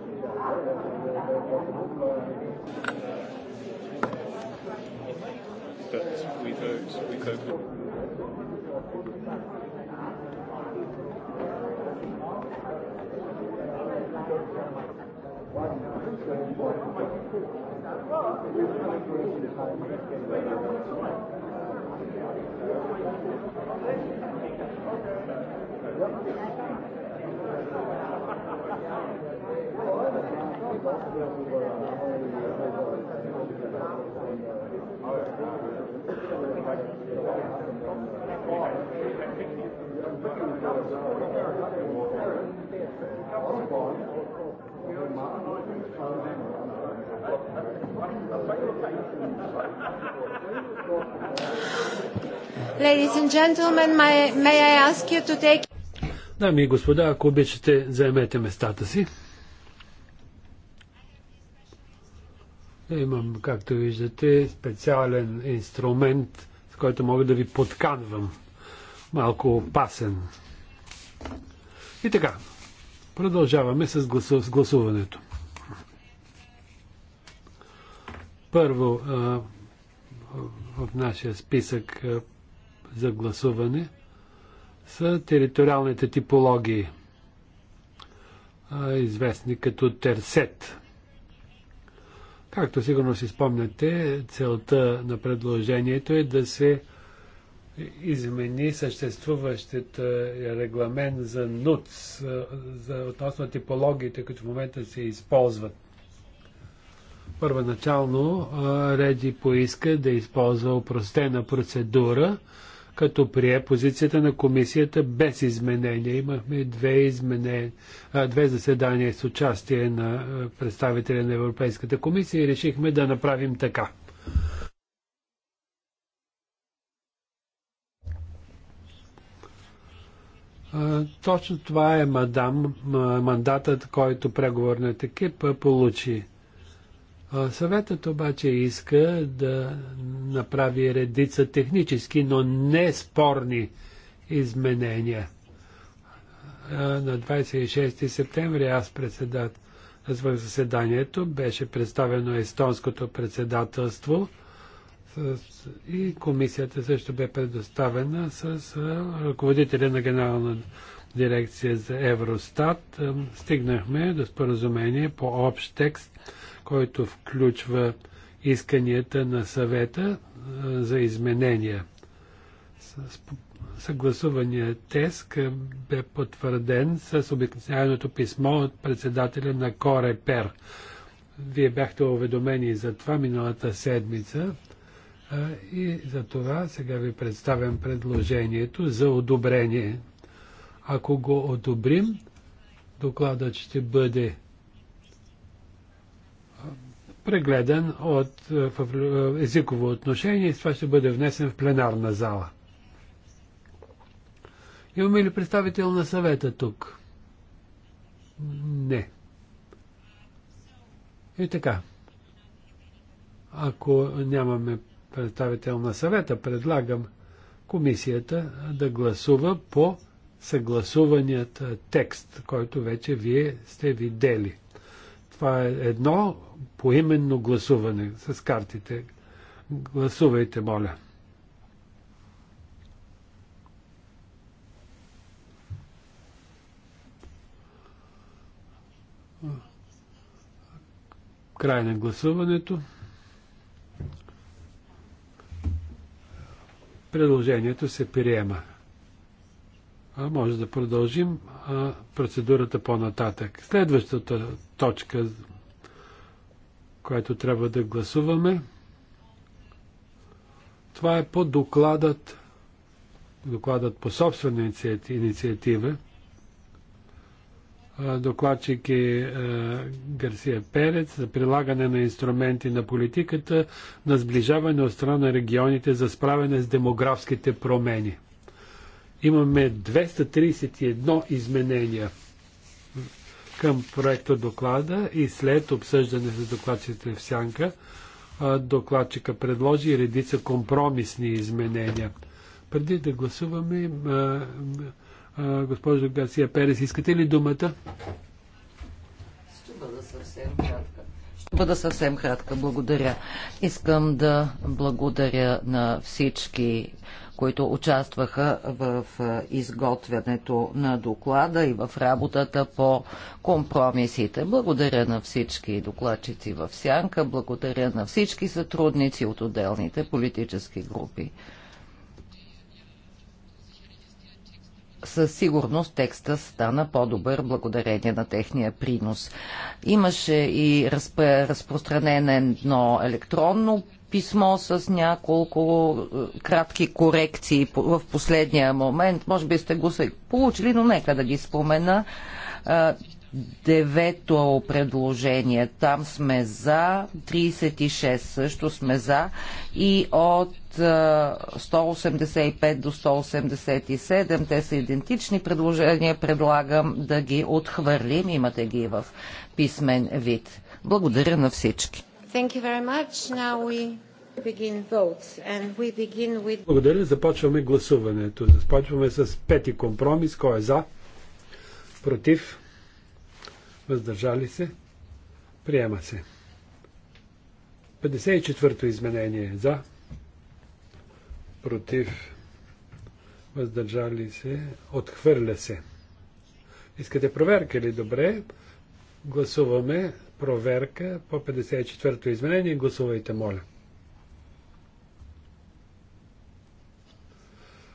But we vote, we vote. Thank you. Ladies and gentlemen, may, may I ask you to take... Дами и господа, ако обичате, заемете местата си. Имам, както виждате, специален инструмент, с който мога да ви подканвам. Малко опасен. И така, продължаваме с, гласу... с гласуването. Първо, а, в нашия списък а, за гласуване са териториалните типологии, а, известни като терсет. Както сигурно си спомняте, целта на предложението е да се измени съществуващата е, регламент за НУЦ, е, за относно типологиите, които в момента се използват. Първоначално е, РЕДИ поиска да използва упростена процедура, като прие позицията на комисията без изменения. Имахме две, изменения, две заседания с участие на представителя на Европейската комисия и решихме да направим така. Точно това е мадам, мандатът, който преговорният екип получи. Съветът обаче иска да направи редица технически, но не спорни изменения. На 26 септември аз председат в заседанието беше представено естонското председателство и комисията също бе предоставена с ръководителя на генерална дирекция за Евростат. Стигнахме до споразумение по общ текст който включва исканията на съвета за изменения. Съгласувания тест бе потвърден с обикновеното писмо от председателя на Корепер. Вие бяхте уведомени за това миналата седмица и за това сега ви представям предложението за одобрение. Ако го одобрим, докладът ще бъде прегледан от, е, в е, езиково отношение и това ще бъде внесен в пленарна зала. Имаме ли представител на съвета тук? Не. И така. Ако нямаме представител на съвета, предлагам комисията да гласува по съгласуваният е, текст, който вече вие сте видели. Това е едно поименно гласуване с картите. Гласувайте, моля. Край на гласуването. Предложението се приема. А може да продължим а, процедурата по-нататък. Следващата точка което трябва да гласуваме. Това е по докладът, докладът по собствена инициатива. Докладчик е Гарсия Перец за прилагане на инструменти на политиката на сближаване от страна на регионите за справяне с демографските промени. Имаме 231 изменения към проекта доклада и след обсъждане за докладчите в сянка, докладчика предложи редица компромисни изменения. Преди да гласуваме, госпожо Гарсия Перес, искате ли думата? Ще бъда съвсем кратка. Ще бъда съвсем кратка. Благодаря. Искам да благодаря на всички които участваха в изготвянето на доклада и в работата по компромисите. Благодаря на всички докладчици в Сянка, благодаря на всички сътрудници от отделните политически групи. със сигурност текста стана по-добър благодарение на техния принос. Имаше и разпространено едно електронно писмо с няколко е, кратки корекции в последния момент. Може би сте го се получили, но нека да ги спомена. Е, девето предложение, там сме за, 36 също сме за и от 185 е, до 187, те са идентични предложения, предлагам да ги отхвърлим, имате ги в писмен вид. Благодаря на всички. Thank you very much. Now we begin votes and we begin with... Благодаря. Започваме гласуването. Започваме с пети компромис. Кой е за? Против? Въздържали се? Приема се. 54-то изменение. За? Против? Въздържали се? Отхвърля се. Искате проверка ли? Добре. Гласуваме проверка по 54-то изменение. Гласувайте, моля.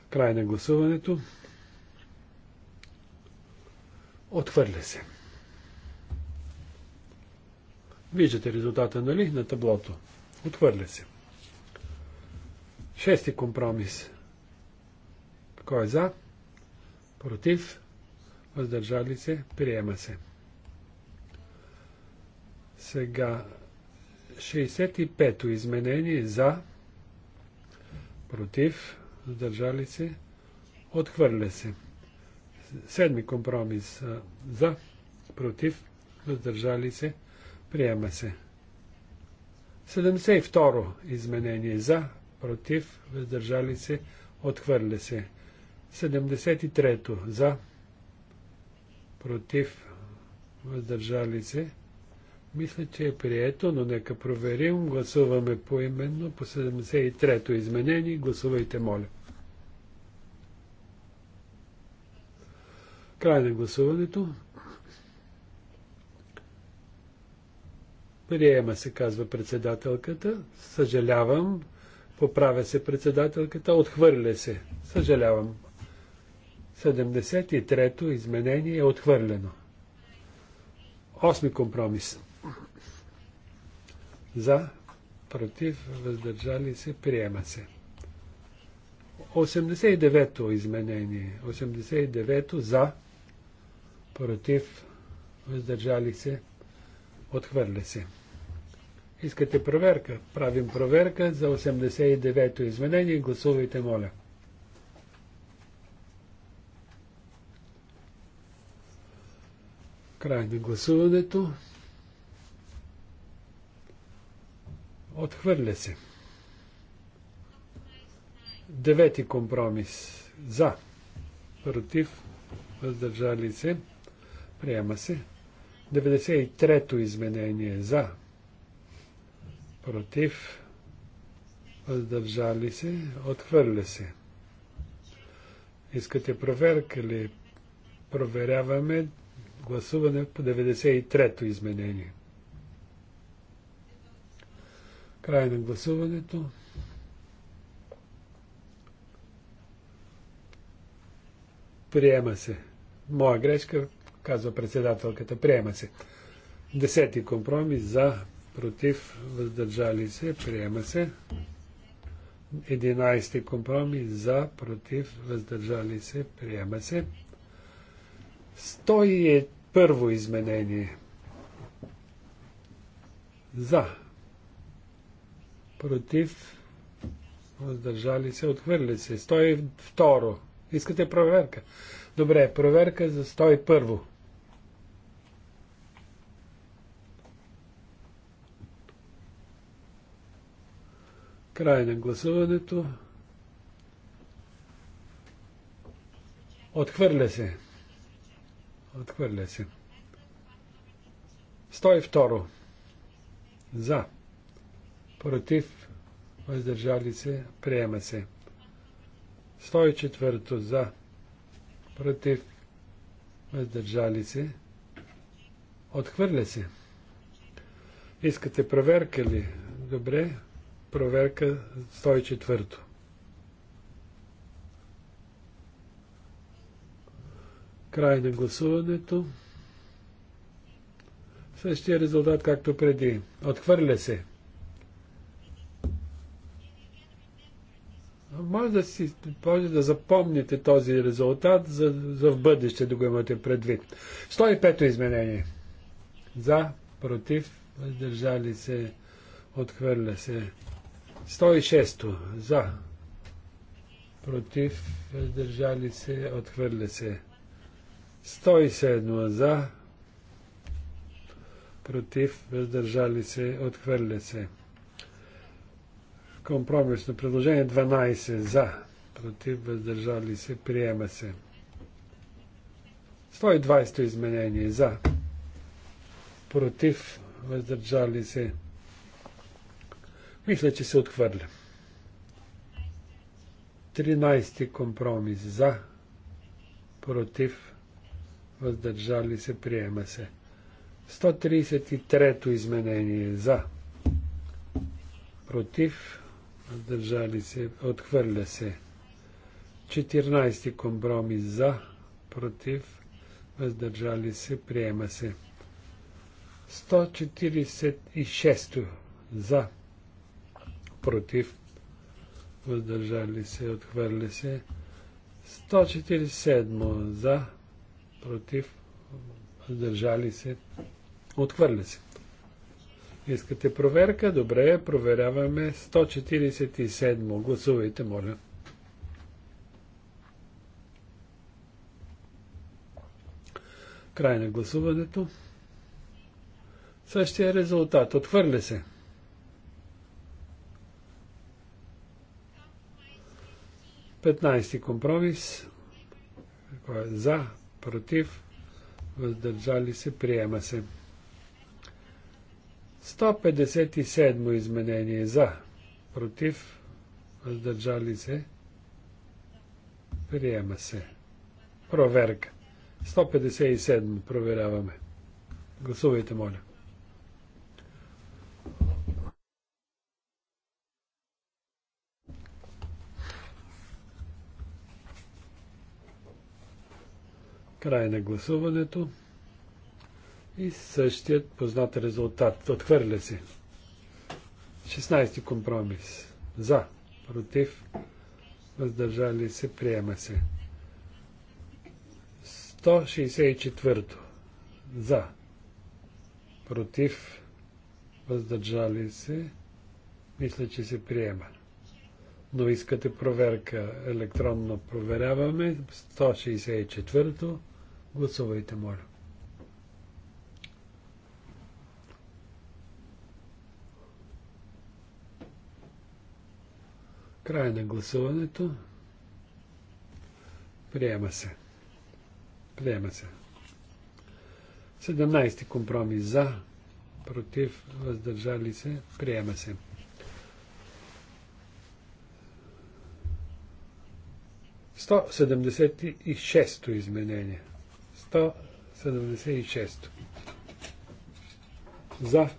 Край на гласуването. Отхвърля се. Виждате резултата, нали, на таблото. Отхвърля се. Шести компромис. Кой е за? Против? Въздържали се? Приема се. Сега 65-то изменение за, против, задържали се, отхвърля се. Седми компромис за, против, въздържали се, приема се. 72-ро изменение за, против, въздържали се, отхвърля се. 73-то за, против, въздържали се, се. Мисля, че е прието, но нека проверим. Гласуваме поименно по 73-то изменение. Гласувайте, моля. Край на гласуването. Приема се, казва председателката. Съжалявам. Поправя се председателката. Отхвърля се. Съжалявам. 73-то изменение е отхвърлено. Осми компромис за, против, въздържали се, приема се. 89-то изменение. 89-то за, против, въздържали се, отхвърля се. Искате проверка? Правим проверка за 89-то изменение. Гласувайте, моля. Край на гласуването. Отхвърля се. Девети компромис. За. Против. Въздържали се. Приема се. 93-то изменение. За. Против. Въздържали се. Отхвърля се. Искате проверка ли? Проверяваме гласуване по 93-то изменение. 93 Край на гласуването. Приема се. Моя грешка, казва председателката. Приема се. Десети компромис за, против, въздържали се. Приема се. Единайсти компромис за, против, въздържали се. Приема се. 101 изменение. За против, въздържали се, отхвърли се. 102. Искате проверка? Добре, проверка за 101. Край на гласуването. Отхвърля се. Отхвърля се. 102. За против, въздържали се, приема се. 104 за, против, въздържали се, отхвърля се. Искате проверка ли? Добре, проверка 104. Край на гласуването. Същия резултат както преди. Отхвърля се. може да, си, може да запомните този резултат за, за в бъдеще, да го имате предвид. 105-то изменение. За, против, въздържали се, отхвърля се. 106-то. За, против, въздържали се, отхвърля се. 107 за, против, въздържали се, отхвърля се. Компромисно предложение 12 за, против, въздържали се, приема се. 120 изменение за, против, въздържали се. Мисля, че се отхвърля. 13 компромис за, против, въздържали се, приема се. 133 изменение за, против, въздържали се, отхвърля се. 14 компромис за, против, въздържали се, приема се. 146 за, против, въздържали се, отхвърля се. 147 за, против, въздържали се, отхвърля се. Искате проверка? Добре, проверяваме 147. Гласувайте, моля. Край на гласуването. Същия резултат. Отхвърля се. Петнайсти компромис. Е за, против, въздържали се, приема се. 157 изменение за, против, въздържали се, приема се. Проверка. 157 проверяваме. Гласувайте, моля. Край на гласуването. И същият познат резултат. Отхвърля се. 16 компромис. За. Против. Въздържали се. Приема се. 164. За. Против. Въздържали се. Мисля, че се приема. Но искате проверка. Електронно проверяваме. 164. Гласувайте, моля. Край на гласуването. Приема се. Приема се. 17 компромис за, против, въздържали се, приема се. Сто седемдесет и шесто изменение. Сто седемдесет и шесто. За,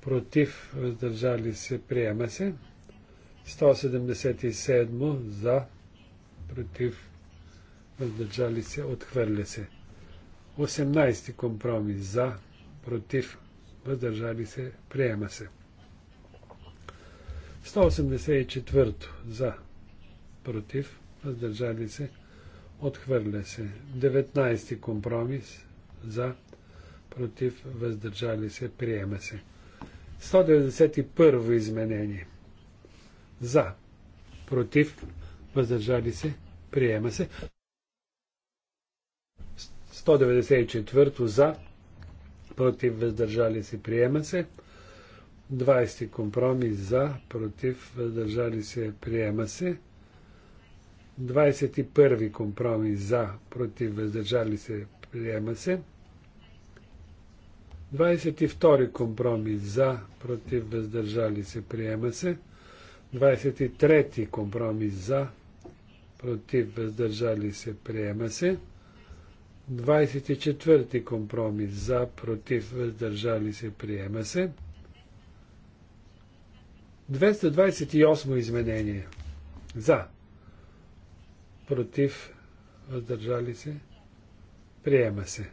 против, въздържали се, приема се. 177 за, против, въздържали се, отхвърля се. 18 компромис за, против, въздържали се, приема се. 184 за, против, въздържали се, отхвърля се. 19 компромис за, против, въздържали се, приема се. 191 изменение за. Против. Въздържали се. Приема се. 194 за. Против. Въздържали се. Приема се. 20 компромис за. Против. Въздържали се. Приема се. 21 компромис за. Против. Въздържали се. Приема се. 22 компромис за, против, въздържали се, приема се. 23 компромис за, против, въздържали се, приема се. 24 ти компромис за, против, въздържали се, приема се. 228 изменение за, против, въздържали се, приема се.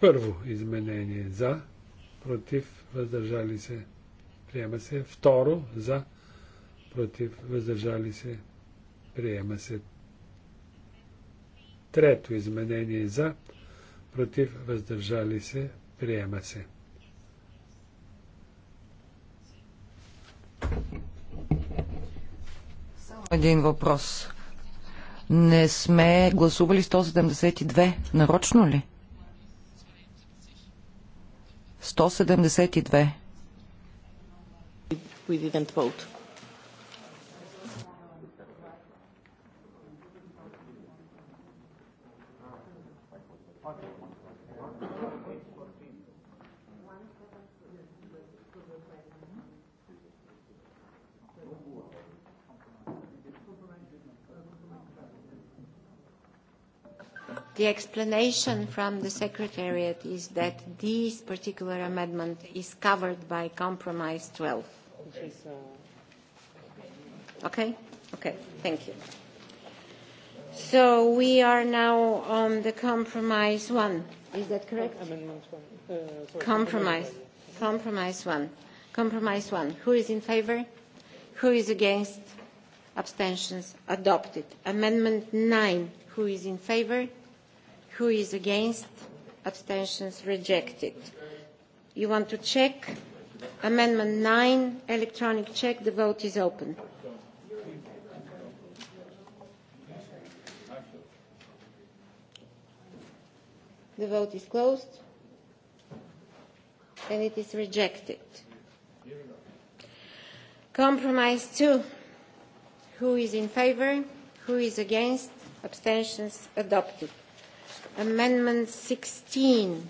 Първо изменение за, против, въздържали се, приема се приема се. Второ, за, против, въздържали се, приема се. Трето изменение за, против, въздържали се, приема се. Само един въпрос. Не сме гласували 172. Нарочно ли? 172 we didn't vote. The explanation from the Secretariat is that this particular amendment is covered by Compromise 12. Okay? Okay, thank you. So we are now on the compromise one. Is that correct? Amendment one. Uh, sorry, compromise. Compromise one. Compromise one. Who is in favor? Who is against? Abstentions adopted. Amendment nine. Who is in favor? Who is against? Abstentions rejected. You want to check? Amendment 9, electronic check. The vote is open. The vote is closed and it is rejected. Compromise 2. Who is in favor? Who is against? Abstentions adopted. Amendment 16.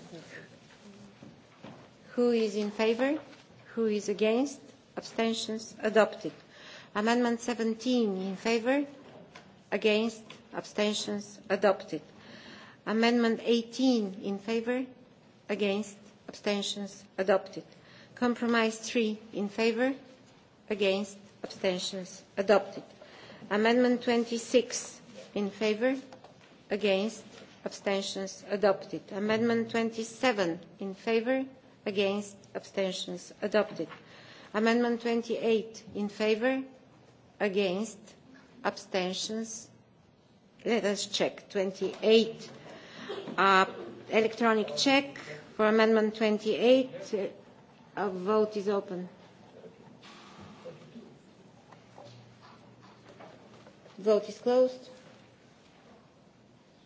Who is in favor? Who is against? Abstentions? Adopted. Amendment 17 in favor? Against? Abstentions? Adopted. Amendment 18 in favor? Against? Abstentions? Adopted. Compromise 3 in favor? Against? Abstentions? Adopted. Amendment 26 in favor? Against? Abstentions? Adopted. Amendment 27 in favor? Against? against, abstentions adopted. Amendment 28 in favor, against, abstentions. Let us check. 28. Uh, electronic check for Amendment 28. A vote is open. Vote is closed.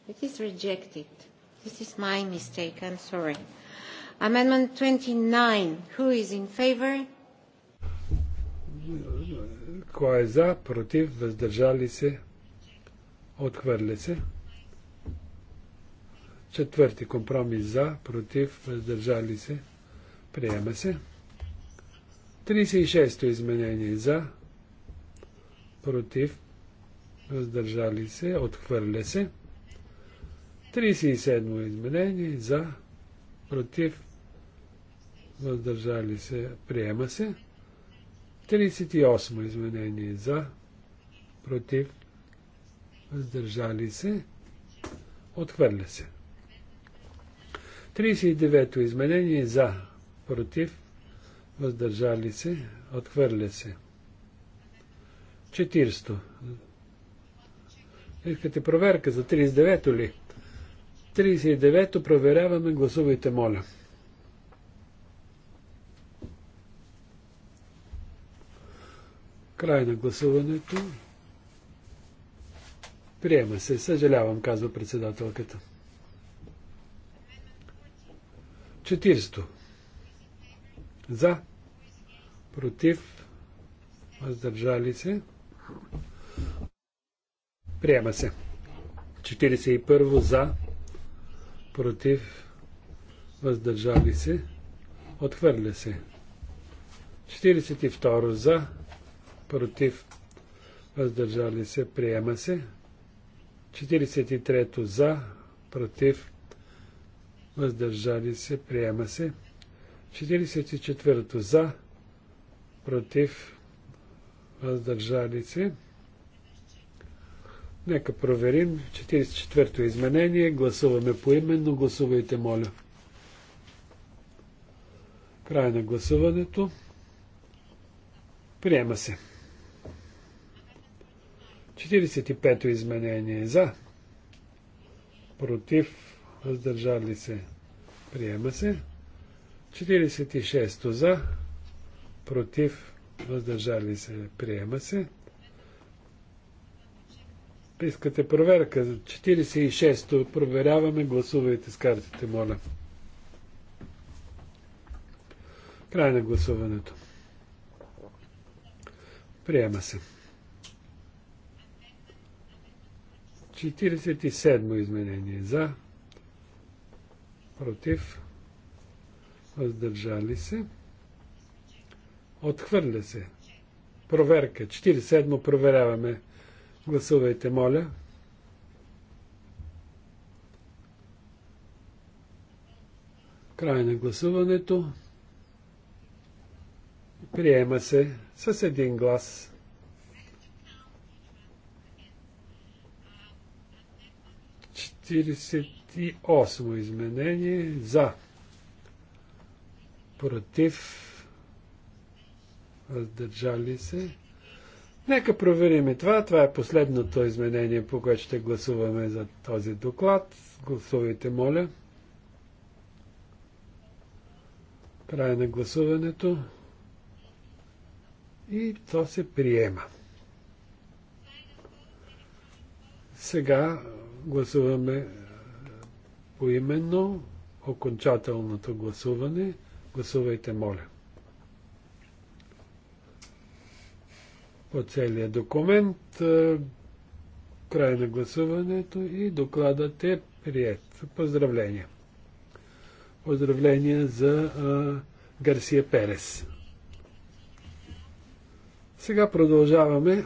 It is rejected. This is my mistake. I'm sorry. Amendment 29. Who is in favor? Кой е за, против, въздържали се, отхвърля се. Четвърти компромис за, против, въздържали се, приема се. 36-то изменение за, против, въздържали се, отхвърля се. 37-то изменение за, против, въздържали се, приема се. 38 изменение за, против, въздържали се, отхвърля се. 39-то изменение за, против, въздържали се, отхвърля се. 40 Искате проверка за 39-то ли? 39-то проверяваме. Гласувайте, моля. Край на гласуването. Приема се. Съжалявам, казва председателката. 40. За. Против. Въздържали се. Приема се. 41 за против, въздържали се, отхвърля се. 42 за, против, въздържали се, приема се. 43 за, против, въздържали се, приема се. 44 за, против, въздържали се. Нека проверим. 44-то изменение. Гласуваме поименно. Гласувайте, моля. Край на гласуването. Приема се. 45-то изменение. За. Против. Въздържали се. Приема се. 46-то за. Против. Въздържали се. Приема се искате проверка за 46-то, проверяваме, гласувайте с картите, моля. Край на гласуването. Приема се. 47 изменение за, против, въздържали се, отхвърля се. Проверка. 47 проверяваме. Гласувайте, моля. Край на гласуването. Приема се с един глас. и осмо изменение за против въздържали се Нека проверим и това. Това е последното изменение, по което ще гласуваме за този доклад. Гласувайте, моля. Край на гласуването. И то се приема. Сега гласуваме поименно окончателното гласуване. Гласувайте, моля. по целия документ. Е, Край на гласуването и докладът е прият. Поздравления! Поздравления за а, е, Гарсия Перес. Сега продължаваме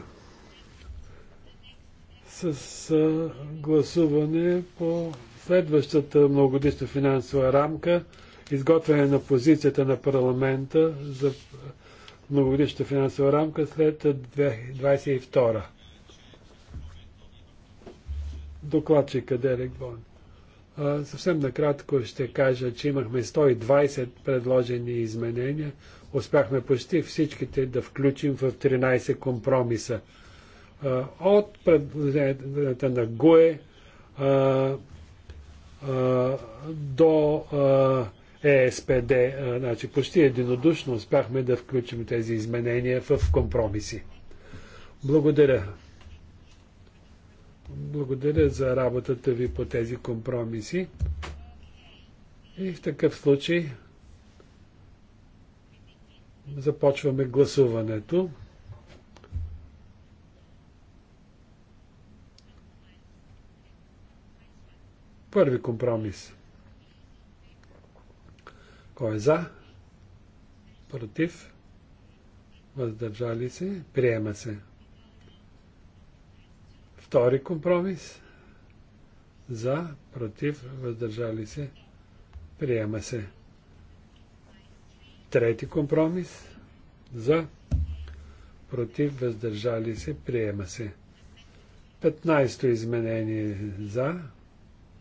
с а, е, гласуване по следващата многодишна финансова рамка, изготвяне на позицията на парламента за многогодишната финансова рамка след 2022. Докладчика Дерек Бон. А, съвсем накратко ще кажа, че имахме 120 предложени изменения. Успяхме почти всичките да включим в 13 компромиса. А, от предложенията на ГУЕ а, до ЕСПД, значи почти единодушно успяхме да включим тези изменения в компромиси. Благодаря. Благодаря за работата ви по тези компромиси. И в такъв случай започваме гласуването. Първи компромис – кой е за? Против? Въздържали се? Приема се. Втори компромис. За, против, въздържали се. Приема се. Трети компромис. За, против, въздържали се. Приема се. Петнайсто изменение. За,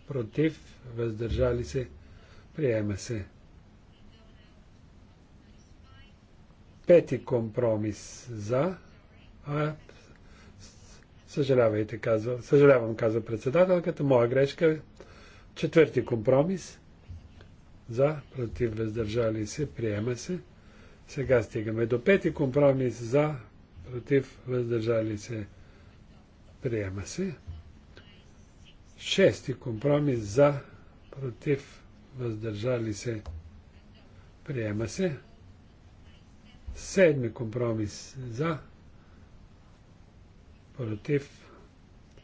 против, въздържали се. Приема се. Пети компромис за. А, съжалявайте, казва, съжалявам, казва председателката, моя грешка. Четвърти компромис за, против, въздържали се, приема се. Сега стигаме до пети компромис за, против, въздържали се, приема се. Шести компромис за, против, въздържали се, приема се. Седми компромис за, против,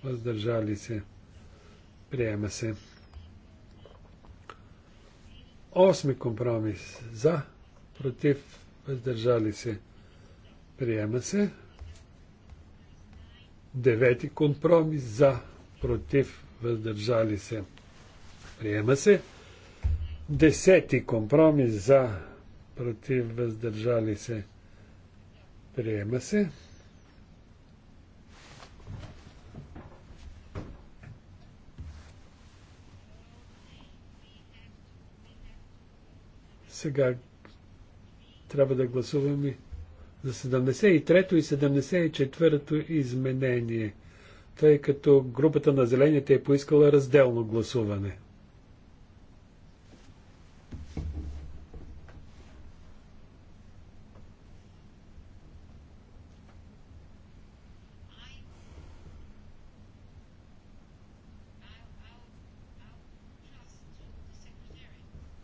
въздържали се, приема се. Осми компромис за, против, въздържали се, приема се. Девети компромис за, против, въздържали се, приема се. Десети компромис за, против, въздържали се, приема се. Сега трябва да гласуваме за 73-то и 74-то изменение, тъй като групата на зелените е поискала разделно гласуване –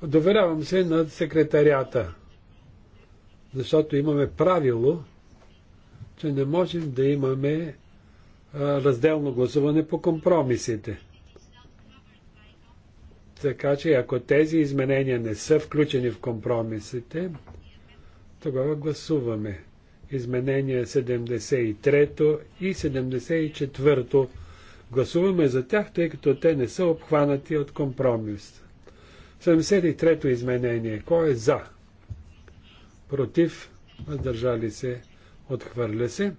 доверявам се на секретарията, защото имаме правило, че не можем да имаме разделно гласуване по компромисите. Така че ако тези изменения не са включени в компромисите, тогава гласуваме изменения 73 и 74. Гласуваме за тях, тъй като те не са обхванати от компромис. 73-то изменение. Кой е за? Против? Въздържали се? Отхвърля се.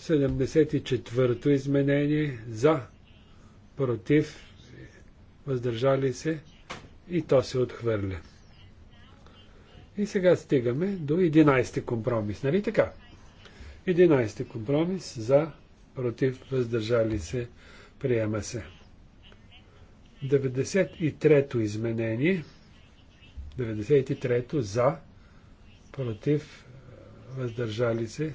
74-то изменение. За? Против? Въздържали се? И то се отхвърля. И сега стигаме до 11-ти компромис. Нали така? 11-ти компромис. За? Против? Въздържали се? Приема се. 93-то изменение. 93-то за, против, въздържали се.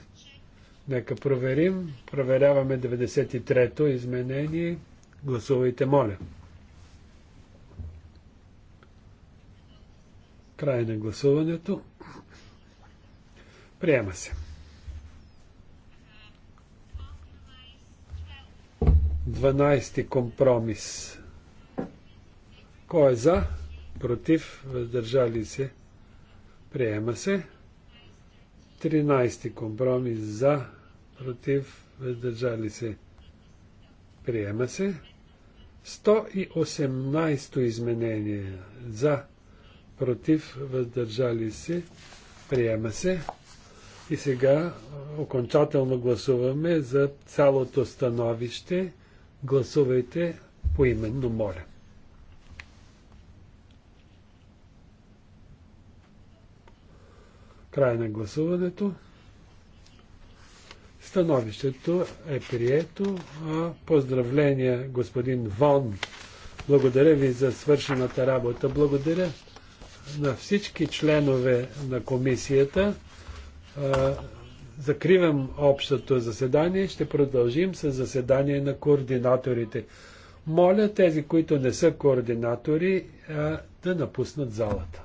Нека проверим. Проверяваме 93-то изменение. Гласувайте, моля. Край на гласуването. Приема се. 12 ти компромис кой е за? Против? Въздържали се? Приема се. 13 компромис за, против, въздържали се. Приема се. 118 изменение за, против, въздържали се. Приема се. И сега окончателно гласуваме за цялото становище. Гласувайте поименно, моля. Край на гласуването. Становището е прието. Поздравления, господин Вон. Благодаря ви за свършената работа. Благодаря на всички членове на комисията. Закривам общото заседание. Ще продължим с заседание на координаторите. Моля тези, които не са координатори, да напуснат залата.